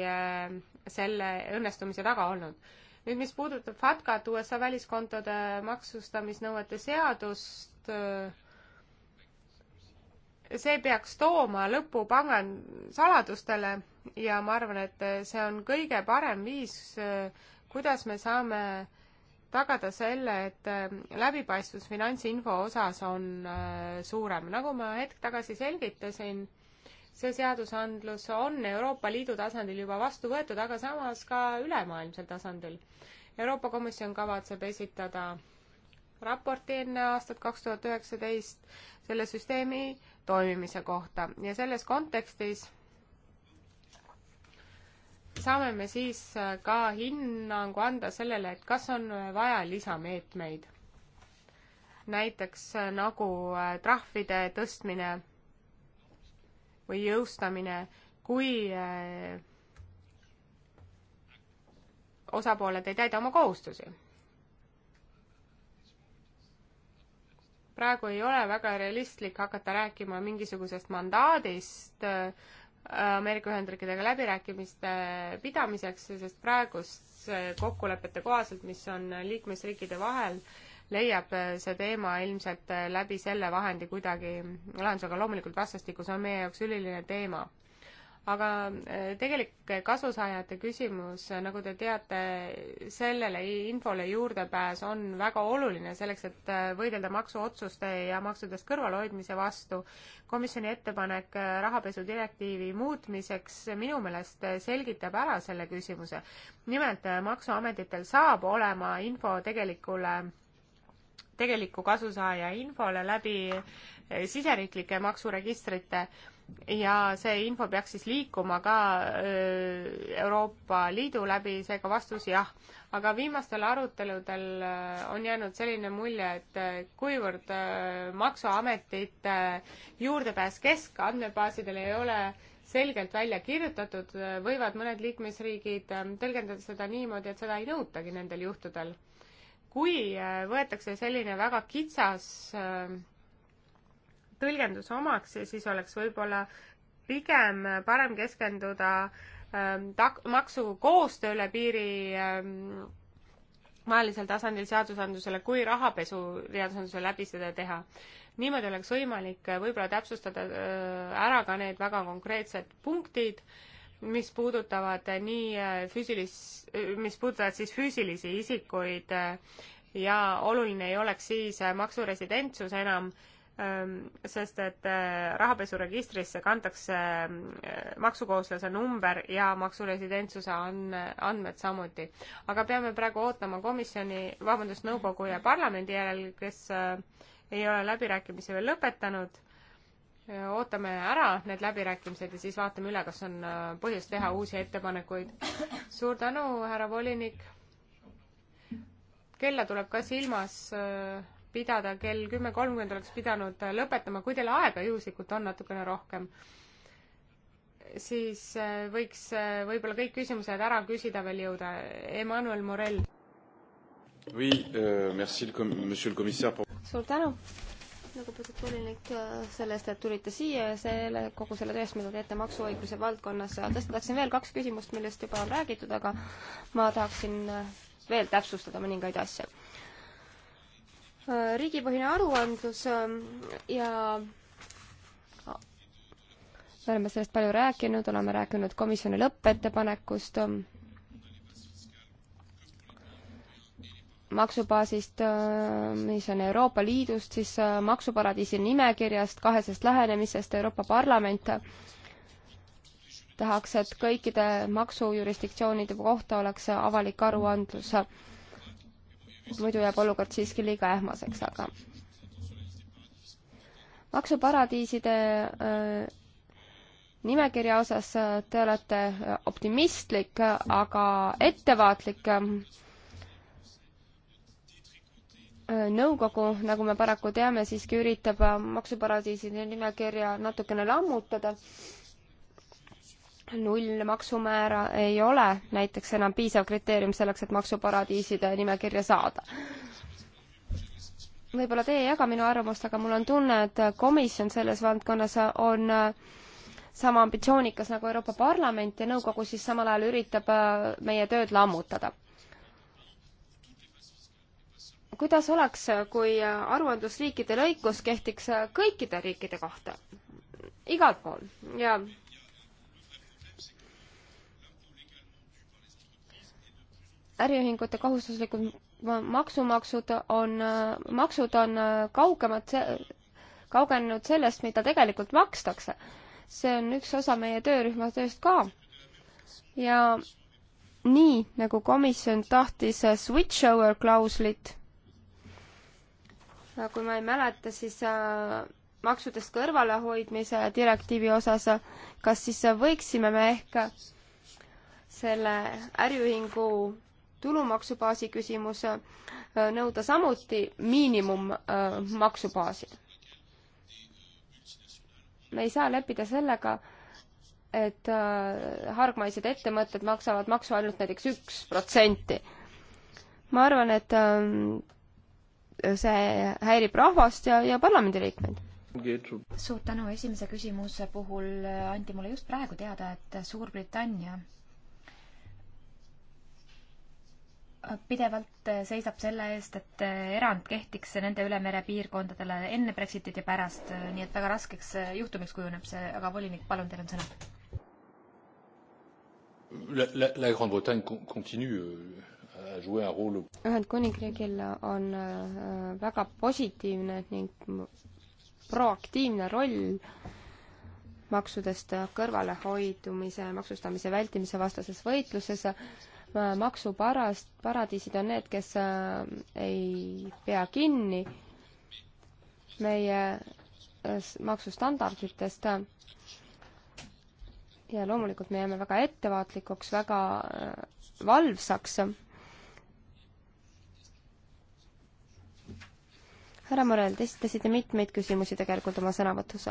S2: selle õnnestumise taga olnud. nüüd, mis puudutab FATCA-t, USA väliskontode maksustamisnõuete seadust, see peaks tooma lõpu pangasaladustele ja ma arvan, et see on kõige parem viis kuidas me saame tagada selle, et äh, läbipaistvus finantsinfo osas on äh, suurem. nagu ma hetk tagasi selgitasin, see seadusandlus on Euroopa Liidu tasandil juba vastu võetud, aga samas ka ülemaailmsel tasandil. Euroopa Komisjon kavatseb esitada raporti enne aastat kaks tuhat üheksateist selle süsteemi toimimise kohta ja selles kontekstis saame me siis äh, ka hinnangu anda sellele, et kas on vaja lisameetmeid. näiteks äh, nagu äh, trahvide tõstmine või jõustamine, kui osapooled ei täida oma kohustusi. praegu ei ole väga realistlik hakata rääkima mingisugusest mandaadist äh, Ameerika Ühendriikidega läbirääkimiste pidamiseks, sest praeguste kokkulepete kohaselt, mis on liikmesriikide vahel, leiab see teema ilmselt läbi selle vahendi kuidagi lahenduse, aga loomulikult vastastikku, see on meie jaoks üliline teema aga eh, tegelik kasusaajate küsimus, nagu te teate, sellele infole juurdepääs on väga oluline selleks, et eh, võidelda maksuotsuste ja maksudest kõrvalhoidmise vastu. komisjoni ettepanek eh, rahapesudirektiivi muutmiseks minu meelest selgitab ära selle küsimuse. nimelt Maksuametitel saab olema info tegelikule tegeliku kasusaaja infole läbi siseriiklike maksuregistrite äh, ja see info peaks siis liikuma ka Euroopa Liidu läbi, seega vastus jah. aga viimastel aruteludel on jäänud selline mulje, et kuivõrd Maksuametite juurdepääs keskandmebaasidele ei ole selgelt välja kirjutatud, võivad mõned liikmesriigid tõlgendada seda niimoodi, et seda ei nõutagi nendel juhtudel. kui võetakse selline väga kitsas äh, tõlgendus omaks, siis oleks võib-olla pigem parem keskenduda ähm, tak-, maksukoostööle piiri ähm, vahelisel tasandil seadusandlusele kui rahapesu seadusandluse läbi seda teha. niimoodi oleks võimalik äh, võib-olla täpsustada äh, ära ka need väga konkreetsed punktid, mis puudutavad äh, nii füüsilis-, mis puudutavad siis füüsilisi isikuid ja oluline ei oleks siis maksuresidentsus enam äh, Ehm, sest et eh, rahapesuregistrisse kantakse eh, maksukohuslase number ja maksuresidentsuse andme, andmed samuti. aga peame praegu ootama komisjoni, vabandust, nõukogu ja parlamendi järel, kes eh, ei ole läbirääkimisi veel lõpetanud. ootame ära need läbirääkimised ja siis vaatame üle, kas on põhjust teha uusi ettepanekuid. suur tänu, härra volinik. kella tuleb ka silmas pidada kell kümme kolmkümmend, oleks pidanud lõpetama, kui teil aega juhuslikult on natukene rohkem, siis äh, võiks äh, võib-olla kõik küsimused ära küsida veel jõuda. Emmanuel Morel.
S1: Oui, euh, merci, monsieur le commissaire. Pour...
S4: Suur tänu, lugupeetud volinik, äh, selle eest, et tulite siia ja selle, kogu selle tööst, mida teete maksuõiguse valdkonnas. tõstataksin veel kaks küsimust, millest juba on räägitud, aga ma tahaksin veel täpsustada mõningaid asju Äh, riigipõhine aruandlus ähm, ja me oleme sellest palju rääkinud, oleme rääkinud komisjoni lõppettepanekust, ähm, maksubaasist, äh, mis on Euroopa Liidust, siis äh, maksuparadiisi nimekirjast, kahesest lähenemisest Euroopa Parlament tahaks, et kõikide maksujurisdiktsioonide kohta oleks avalik aruandlus muidu jääb olukord siiski liiga ähmaseks, aga maksuparadiiside äh, nimekirja osas äh, te olete optimistlik, aga ettevaatlik. Äh, nõukogu, nagu me paraku teame, siiski üritab maksuparadiiside nimekirja natukene lammutada nullmaksumäära ei ole näiteks enam piisav kriteerium selleks, et maksuparadiiside nimekirja saada. võib-olla teie ei jaga minu arvamust, aga mul on tunne, et komisjon selles valdkonnas on äh, sama ambitsioonikas nagu Euroopa Parlament ja nõukogu siis samal ajal üritab äh, meie tööd lammutada. kuidas oleks, kui äh, aruandlusriikide lõikus kehtiks kõikide riikide kohta? igal pool ja äriühingute kohustuslikud maksumaksud on, maksud on äh, kaugemad, kaugenenud sellest, mida tegelikult makstakse. see on üks osa meie töörühma tööst ka. ja nii, nagu komisjon tahtis äh, switch over klauslit, kui ma ei mäleta, siis äh, maksudest kõrvalehoidmise direktiivi osas, kas siis võiksime me ehk selle äriühingu tulumaksubaasi küsimus, äh, nõuda samuti miinimummaksubaasi. Äh, me ei saa leppida sellega, et äh, hargmaised ettevõtted maksavad maksu ainult näiteks üks protsenti. ma arvan, et see häirib rahvast ja, ja parlamendiliikmeid.
S3: suur tänu, esimese küsimuse puhul anti mulle just praegu teada, et Suurbritannia pidevalt seisab selle eest, et erand kehtiks nende üle merepiirkondadele enne Brexitit ja pärast, nii et väga raskeks juhtumiks kujuneb see, aga volinik, palun, teil on sõna.
S1: Euh,
S4: Ühendkuningriigil on äh, väga positiivne ning proaktiivne roll maksudest kõrvalehoidumise, maksustamise vältimise vastases võitluses maksuparas, paradiisid on need, kes äh, ei pea kinni meie äh, maksustandarditest. ja loomulikult me jääme väga ettevaatlikuks, väga äh, valvsaks. härra Morel, te esitasite mitmeid küsimusi tegelikult oma sõnavõtus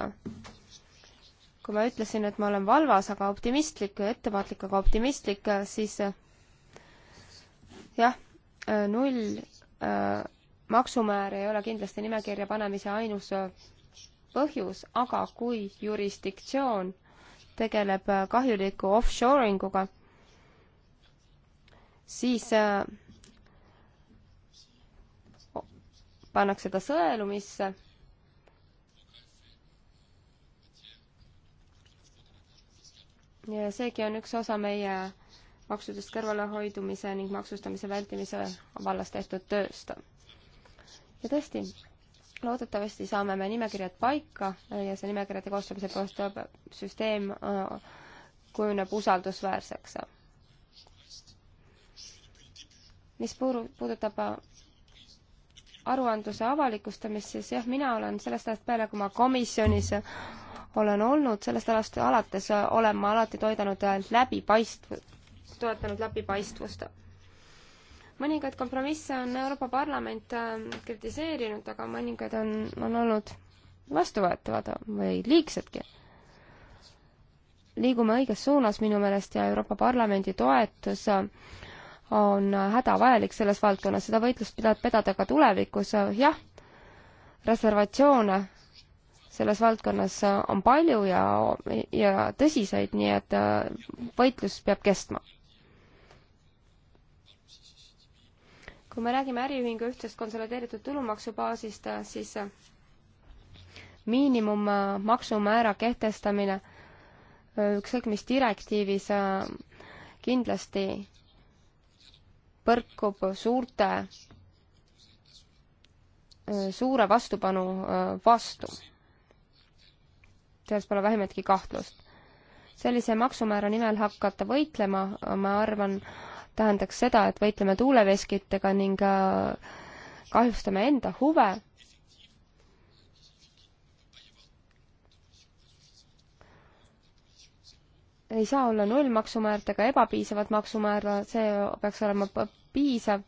S4: kui ma ütlesin, et ma olen valvas, aga optimistlik, ettevaatlik, aga optimistlik, siis jah, äh, null äh, maksumäär ei ole kindlasti nimekirja panemise ainus äh, põhjus, aga kui jurisdiktsioon tegeleb kahjuliku offshoring uga, siis pannakse ta sõelumisse. ja seegi on üks osa meie maksudest kõrvalehoidumise ning maksustamise vältimise vallas tehtud tööst. ja tõesti, loodetavasti saame me nimekirjad paika ja see nimekirjade koostamise süsteem äh, kujuneb usaldusväärseks. mis puuru-, puudutab äh, aruandluse avalikustamist, siis jah, mina olen sellest ajast peale, kui ma komisjonis olen olnud, sellest ajast alates äh, olen ma alati toidanud läbipaistvat toetanud läbipaistvust. mõningaid kompromisse on Euroopa Parlament äh, kritiseerinud, aga mõningaid on, on olnud vastuvõetavad või liigsedki. liigume õiges suunas minu meelest ja Euroopa Parlamendi toetus on hädavajalik selles valdkonnas, seda võitlust pidad pidada ka tulevikus, jah, reservatsioone selles valdkonnas on palju ja, ja tõsiseid, nii et võitlus peab kestma. kui me räägime äriühingu ühtsest konsolideeritud tulumaksubaasist, siis äh, miinimummaksumäära äh, kehtestamine äh, ükskõik mis direktiivis kindlasti põrkub suurte, suure vastupanu vastu. selles pole vähimatki kahtlust. sellise maksumäära nimel hakata võitlema, ma arvan, tähendaks seda, et võitleme tuuleveskitega ning äh, kahjustame enda huve. ei saa olla nullmaksumäärt ega ebapiisavat maksumäära, see peaks olema piisav.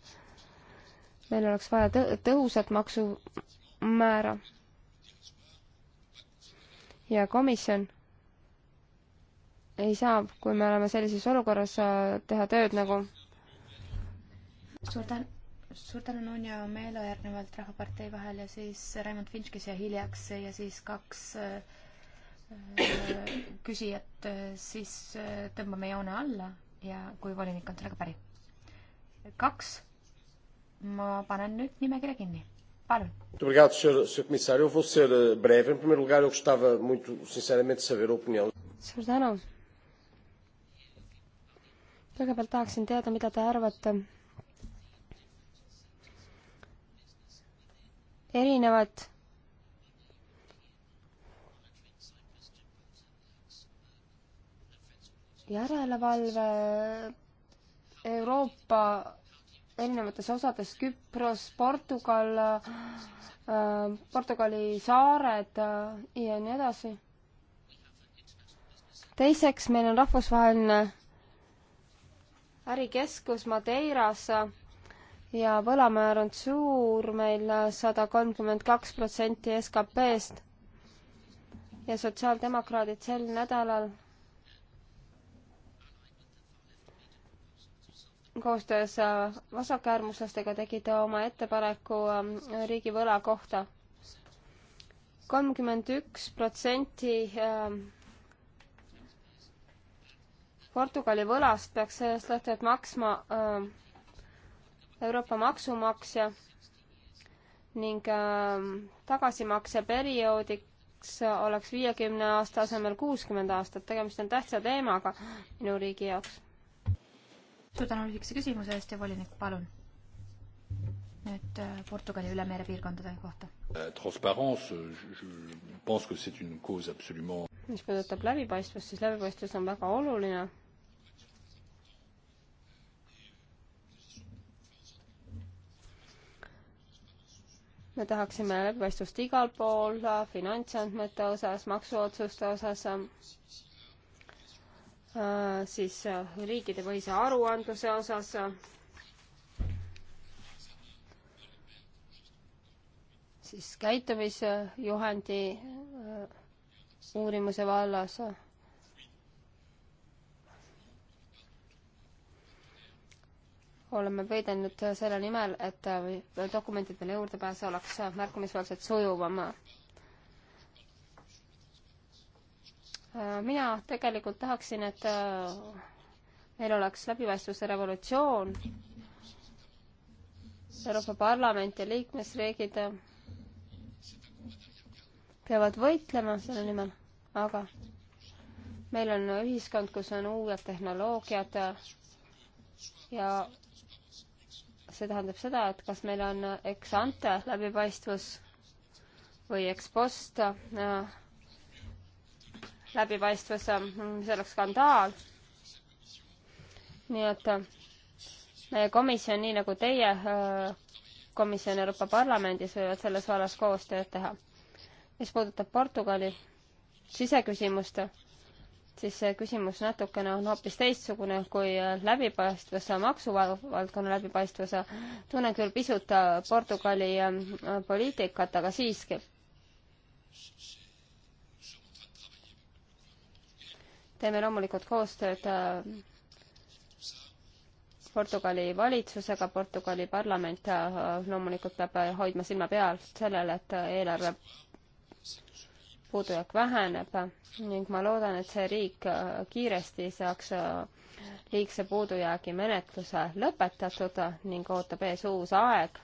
S4: meil oleks vaja tõ tõhusat maksumäära. ja komisjon ei saa, kui me oleme sellises olukorras, äh, teha tööd nagu
S3: suur tänu, suur tänu Nunja Meelo järgnevalt Rahvapartei vahel ja siis Raimond Finch, kes jäi hiljaks ja siis kaks äh, äh küsijat, äh, siis äh, tõmbame joone alla ja kui volinik on sellega päri. kaks. ma panen nüüd nimekirja kinni. Palun.
S5: Muito obrigado, Sr. Sr. Comissário. Eu vou ser eh, breve. Em primeiro lugar, eu gostava muito, sinceramente, de saber a opinião.
S3: Suur tänu.
S4: kõigepealt tahaksin teada, mida te arvate erinevad
S5: järelevalve
S4: Euroopa erinevates osades Küpros, Portugal äh,, Portugali saared äh, ja nii edasi. teiseks, meil on rahvusvaheline ärikeskus Madeiras äh, ja võlamäär on suur meil sada kolmkümmend kaks protsenti SKP-st. ja sotsiaaldemokraadid sel nädalal koostöös äh, vasakäärmuslastega tegid oma ettepaneku äh, riigivõla kohta. kolmkümmend üks protsenti äh, Portugali võlast peaks sellest lähtuvalt maksma öö, Euroopa maksumaksja ning ähm, tagasimakse perioodiks oleks viiekümne aasta asemel kuuskümmend aastat. tegemist on tähtsa teemaga
S3: minu riigi jaoks. suur tänu lühikese küsimuse eest ja volinik, palun. nüüd äh, Portugali ülemere piirkondade kohta.
S1: Äh,
S4: mis puudutab läbipaistvust, siis läbipaistvus on väga oluline me tahaksime läbipaistvust igal pool, äh, finantsandmete osas, maksuotsuste osas, äh, siis äh, riikidepõhise aruandluse osas siis käitumisjuhendi uurimuse vallas oleme võidelnud selle nimel, et äh, dokumentidele juurdepääs oleks märkimisväärselt sujuvam. Äh, mina tegelikult tahaksin, et äh, meil oleks läbipaistvuse revolutsioon, Euroopa Parlament ja liikmesriigid peavad võitlema selle nimel, aga meil on ühiskond, kus on uued tehnoloogiad ja see tähendab seda, et kas meil on ex ante läbipaistvus või ex post äh, läbipaistvus, äh, see oleks skandaal. nii et äh, meie komisjon, nii nagu teie komisjon Euroopa Parlamendis, võivad selles vallas koostööd teha. mis puudutab Portugali siseküsimust, siis see küsimus natukene on hoopis teistsugune kui äh, läbipaistvuse, äh, maksuvaldkonna läbipaistvuse. tunnen küll pisut äh, Portugali ähm, poliitikat, aga siiski. teeme loomulikult koostööd Portugali valitsusega, Portugali parlament loomulikult peab hoidma silma peal sellele, et eelarve puudujääk väheneb ning ma loodan, et see riik äh, kiiresti saaks äh, liigse puudujäägi menetluse lõpetatud ning ootab ees uus aeg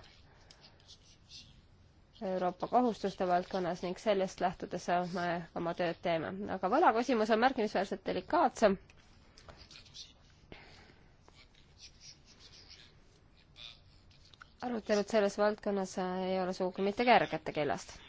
S4: Euroopa kohustuste valdkonnas ning sellest lähtudes me oma tööd teeme. aga võlaküsimus on märkimisväärselt delikaatsem. arutelud selles valdkonnas ei ole sugugi mitte kergete keelest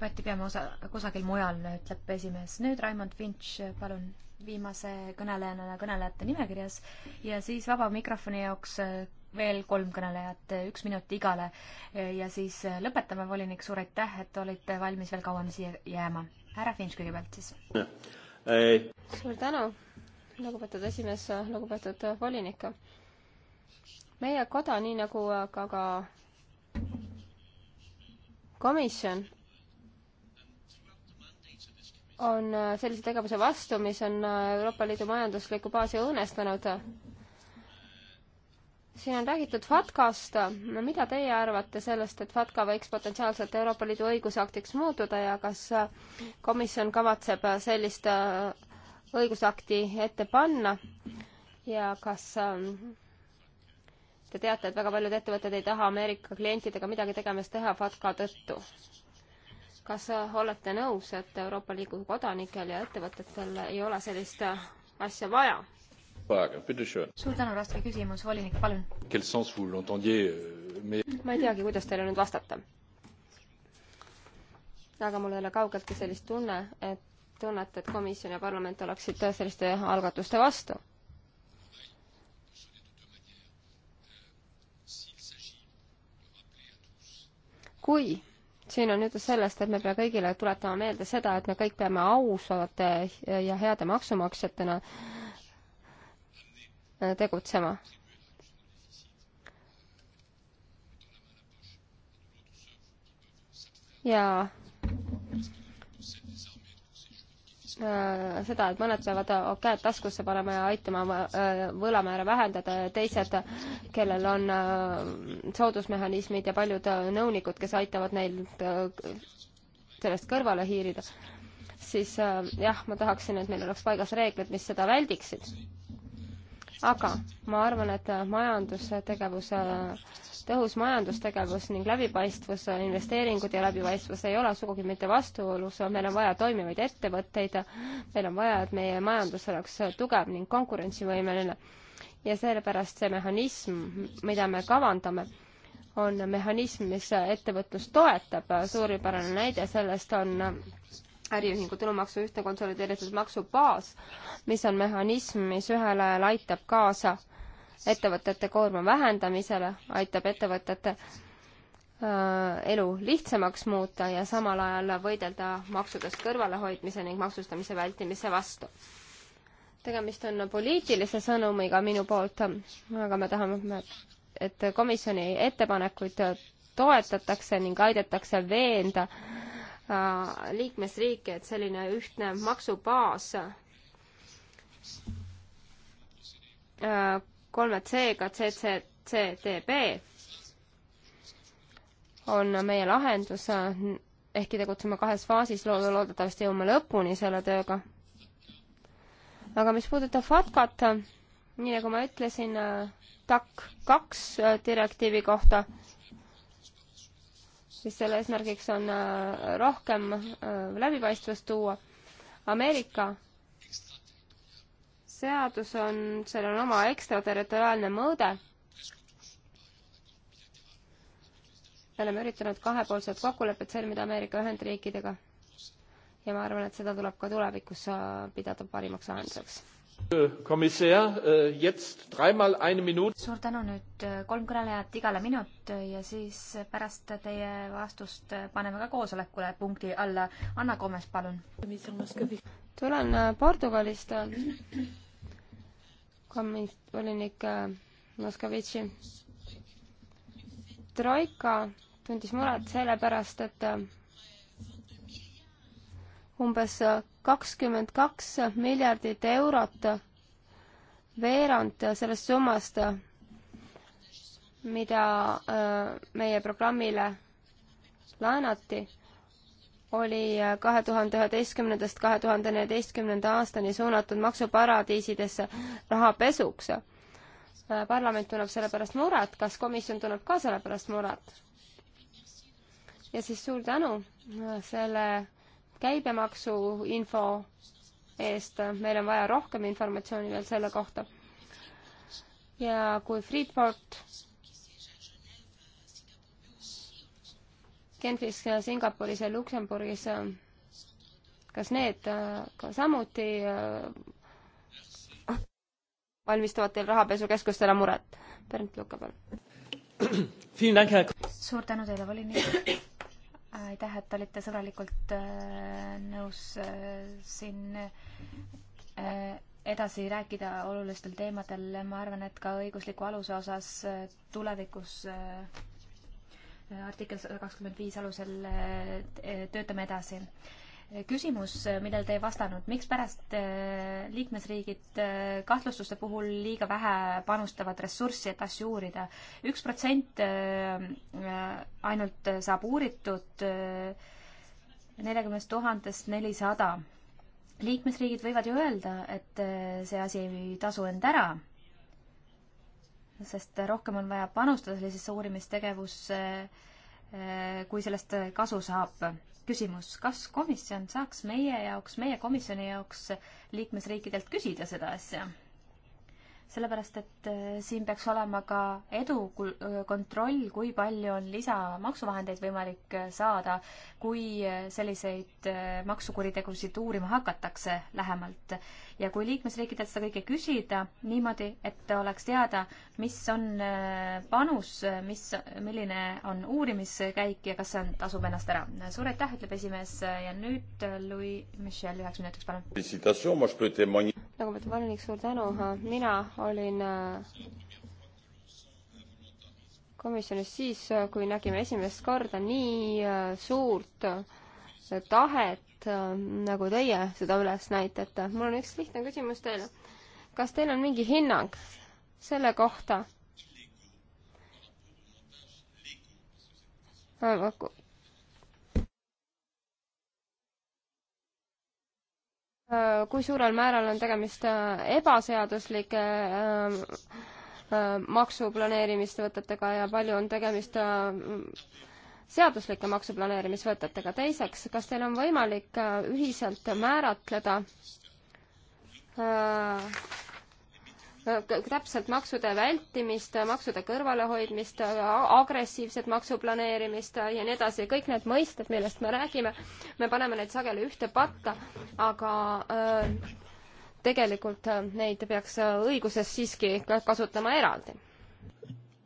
S3: debatti peame osa, kusagil mujal, ütleb esimees. nüüd Raimond Finch, palun, viimase kõnelejana kõnelejate nimekirjas ja siis vaba mikrofoni jaoks äh, veel kolm kõnelejat, äh, üks minut igale. Äh, ja siis lõpetame, volinik, suur aitäh, et olite valmis veel kauem siia jääma. härra Finch kõigepealt siis.
S4: suur tänu, lugupeetud esimees, lugupeetud volinik. meie koda, nii nagu ka, ka komisjon on äh, sellise tegevuse vastu, mis on äh, Euroopa Liidu majanduslikku baasi õõnestanud. siin on räägitud FATCast, no mida teie arvate sellest, et FATCA võiks potentsiaalselt Euroopa Liidu õigusaktiks muutuda ja kas äh, komisjon kavatseb sellist õigusakti ette panna ja kas ähm, te teate, et väga paljud ettevõtted ei taha Ameerika klientidega midagi tegemist teha FATCA tõttu? kas äh, olete nõus, et Euroopa Liidu kodanikel ja ettevõtetel ei ole sellist äh, asja vaja?
S1: suur
S3: tänu, raske küsimus,
S4: volinik, palun.
S1: Euh,
S4: ma ei teagi, kuidas teile nüüd vastata. aga mul ei ole kaugeltki sellist tunne, et tunnet, et komisjon ja parlament oleksid äh, selliste algatuste vastu. kui siin on juttu sellest, et me peame kõigile tuletama meelde seda, et me kõik peame ausate ja heade maksumaksjatena tegutsema. ja Äh, seda, et mõned peavad käed taskusse panema ja aitama äh, võlamäära vähendada ja teised, kellel on äh, soodusmehhanismid ja paljud nõunikud, kes aitavad neil sellest kõrvale hiirida, siis jah, ma tahaksin, et meil oleks paigas reeglid, mis seda väldiksid aga ma arvan, et majandustegevuse, tõhus majandustegevus ning läbipaistvus, investeeringud ja läbipaistvus ei ole sugugi mitte vastuolus, meil on vaja toimivaid ettevõtteid, meil on vaja, et meie majandus oleks tugev ning konkurentsivõimeline. ja sellepärast see mehhanism, mida me kavandame, on mehhanism, mis ettevõtlust toetab, suurepärane näide sellest on äriühingu tulumaksu ühtne konsolideeritud maksubaas, mis on mehhanism, mis ühel ajal aitab kaasa ettevõtete koorma vähendamisele, aitab ettevõtete äh, elu lihtsamaks muuta ja samal ajal võidelda maksudest kõrvalehoidmise ning maksustamise vältimise vastu. tegemist on poliitilise sõnumiga minu poolt, aga me tahame, et komisjoni ettepanekuid toetatakse ning aidatakse veenda äh, Äh, liikmesriike, et selline ühtne maksubaas äh, kolme C-ga CCCTB on meie lahendus, ehkki tegutseme kahes faasis, loodetavasti jõuame lõpuni selle tööga. aga mis puudutab FATCat, nii nagu ma ütlesin, äh, TAK kaks direktiivi kohta mis selle eesmärgiks on äh, rohkem äh, läbipaistvust tuua. Ameerika seadus on, seal on oma ekstraterritoriaalne mõõde. me oleme üritanud kahepoolset kokkulepet sõlmida Ameerika Ühendriikidega ja ma arvan, et seda tuleb ka tulevikus äh, pidada
S3: parimaks lahenduseks
S1: Äh,
S3: suur tänu nüüd äh, kolm kõnelejat igale minut ja siis pärast teie vastust äh, paneme ka koosolekule punkti alla. Anna Komes, palun. tulen
S4: Portugalist, kommis-, volinik Moskovitši. troika tundis muret selle pärast, et umbes kakskümmend kaks miljardit eurot, veerand sellest summast, mida äh, meie programmile laenati, oli äh, kahe tuhande üheteistkümnendast kahe tuhande neljateistkümnenda aastani suunatud maksuparadiisidesse rahapesuks. Äh, parlament tunneb selle pärast muret, kas komisjon tunneb ka selle pärast muret? ja siis suur tänu selle käibemaksu info eest, meil on vaja rohkem informatsiooni veel selle kohta. ja kui Freeport Genfis, Singapuris ja Luksemburgis, kas need ka samuti valmistavad teil rahapesukeskustele muret?
S3: Bernt Lukka, palun. suur tänu teile, volinik aitäh, et olite sõbralikult äh, nõus äh, siin äh, edasi rääkida olulistel teemadel. ma arvan, et ka õigusliku aluse osas tulevikus artikkel sada kakskümmend viis alusel töötame edasi küsimus, millele te ei vastanud, mikspärast äh, liikmesriigid äh, kahtlustuste puhul liiga vähe panustavad ressurssi, et asju uurida? üks protsent äh, ainult saab uuritud neljakümnest tuhandest nelisada. liikmesriigid võivad ju öelda, et see asi ei tasu end ära, sest rohkem on vaja panustada sellisesse uurimistegevusse, kui sellest kasu saab küsimus, kas komisjon saaks meie jaoks, meie komisjoni jaoks liikmesriikidelt küsida seda asja? sellepärast et äh, siin peaks olema ka edu äh, kontroll, kui palju on lisamaksuvahendeid võimalik äh, saada, kui selliseid maksukuritegusid uurima hakatakse lähemalt. ja kui liikmesriikidelt seda kõike küsida niimoodi, et oleks teada, mis on panus, mis, milline on uurimiskäik ja kas see on, tasub ennast ära. suur aitäh, ütleb esimees ja nüüd Louis Michel üheks minutiks,
S1: palun.
S4: lugupeetud volinik, suur tänu. mina olin äh, komisjonis siis, äh, kui nägime esimest korda nii äh, suurt tahet, nagu teie seda üles näitate. mul on üks lihtne küsimus teile. kas teil on mingi hinnang selle kohta, Äh, kui suurel määral on tegemist äh, ebaseaduslike äh, maksuplaneerimisvõtetega ja palju on tegemist seaduslike maksuplaneerimisvõtetega. teiseks, kas teil on võimalik ühiselt määratleda täpselt maksude vältimist, maksude kõrvalehoidmist, agressiivset maksuplaneerimist ja nii edasi, kõik need mõisted, millest me räägime, me paneme neid sageli ühte patta, aga äh, tegelikult äh, neid peaks äh, õiguses siiski kasutama eraldi.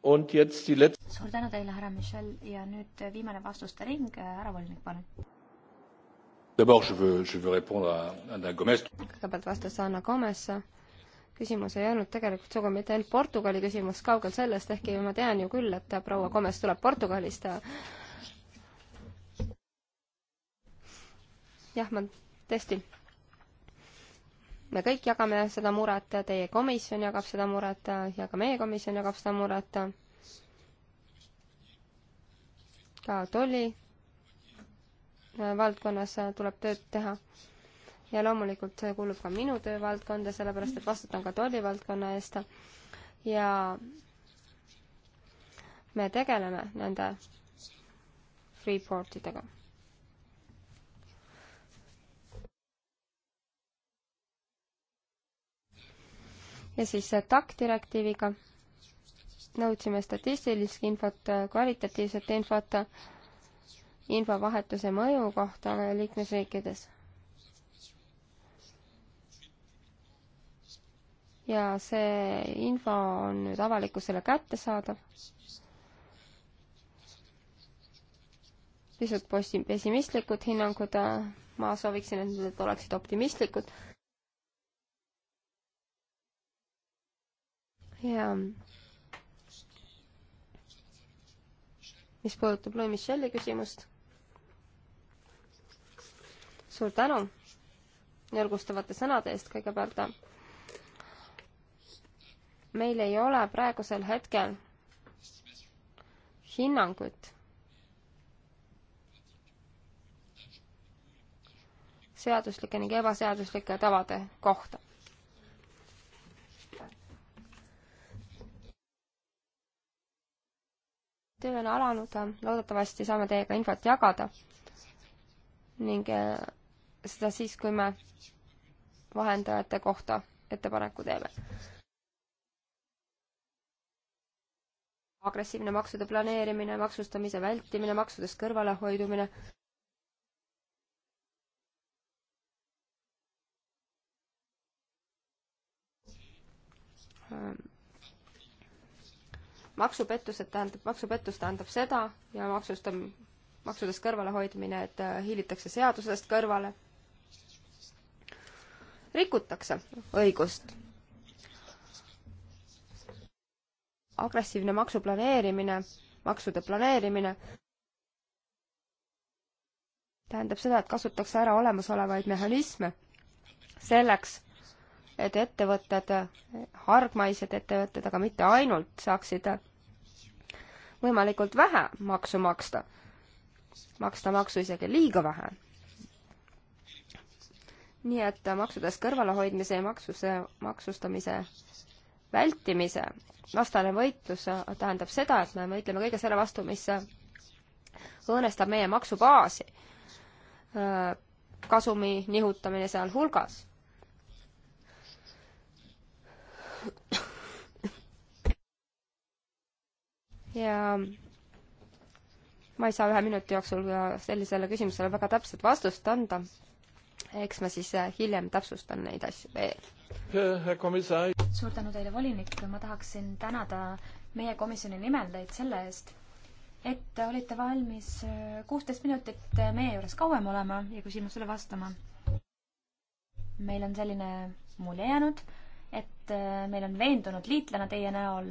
S1: suur
S3: tänu teile, härra Michel, ja nüüd äh, viimane vastuste ring, äh, härra volinik, palun
S1: D'abord, je veux, je veux répondre à Anna Gomez.
S4: Kõigepealt vastas Anna Gomes küsimus ei olnud tegelikult sugugi mitte ainult Portugali küsimus, kaugel sellest, ehkki ma tean ju küll, et proua Gomes tuleb Portugalist. jah, ma tõesti, me kõik jagame seda muret, teie komisjon jagab seda muret ja ka meie komisjon jagab seda muret. ka tolli valdkonnas tuleb tööd teha ja loomulikult see kuulub ka minu töövaldkonda, sellepärast et vastutan ka tollivaldkonna eest ja me tegeleme nende Freeport idega. ja siis TAK direktiiviga nõudsime statistilist infot, kvalitatiivset infot infovahetuse mõju kohta liikmesriikides. ja see info on nüüd avalikkusele kättesaadav. pisut possi-, pessimistlikud hinnangud, äh, ma sooviksin, et need oleksid optimistlikud. ja mis puudutab Louis Michel'i küsimust, suur tänu julgustavate sõnade eest kõigepealt meil ei ole praegusel hetkel hinnangut seaduslike ning ebaseaduslike tavade kohta. töö on alanud, loodetavasti saame teiega infot jagada ning eh, seda siis, kui me vahendajate kohta ettepaneku teeme. agressiivne maksude planeerimine, maksustamise vältimine, maksudest kõrvalehoidumine. maksupettused tähendab, maksupettus tähendab seda ja maksustam-, maksudest kõrvalehoidmine, et äh, hiilitakse seadusest kõrvale. rikutakse õigust agressiivne maksuplaneerimine, maksude planeerimine tähendab seda, et kasutatakse ära olemasolevaid mehhanisme selleks, et ettevõtted, hargmaised ettevõtted, aga mitte ainult, saaksid võimalikult vähe maksu maksta, maksta maksu isegi liiga vähe. nii et maksudest kõrvalehoidmise ja maksuse, maksustamise vältimise vastane võitlus tähendab seda, et me võitleme kõige selle vastu, mis õõnestab meie maksubaasi, kasumi nihutamine sealhulgas. ja ma ei saa ühe minuti jooksul sellisele küsimusele väga täpset vastust anda, eks ma siis äh, hiljem täpsustan neid asju
S3: veel. suur tänu teile, volinik, ma tahaksin tänada meie komisjoni nimel teid selle eest, et te olite valmis äh, kuusteist minutit äh, meie juures kauem olema ja küsimusele vastama. meil on selline mulje jäänud, et meil on veendunud liitlane teie näol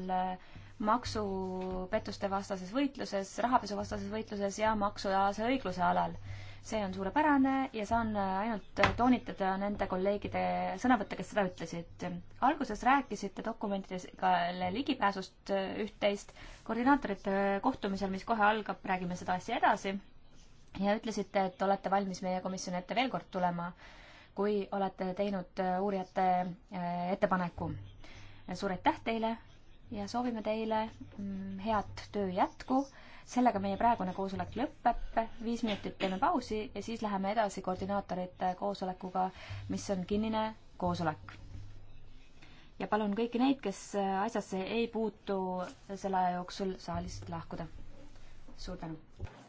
S3: maksupettuste vastases võitluses, rahapesuvastases võitluses ja maksualase õigluse alal see on suurepärane ja saan ainult toonitada nende kolleegide sõnavõtte, kes seda ütlesid. alguses rääkisite dokumentidele ligipääsust üht-teist. koordinaatorite kohtumisel, mis kohe algab, räägime seda asja edasi. ja ütlesite, et olete valmis meie komisjoni ette veel kord tulema, kui olete teinud uurijate äh, ettepaneku. suur aitäh teile ja soovime teile mm, head töö jätku sellega meie praegune koosolek lõpeb, viis minutit teeme pausi ja siis läheme edasi koordinaatorite koosolekuga, mis on kinnine koosolek. ja palun kõiki neid, kes asjasse ei puutu selle aja jooksul saalist lahkuda. suur tänu!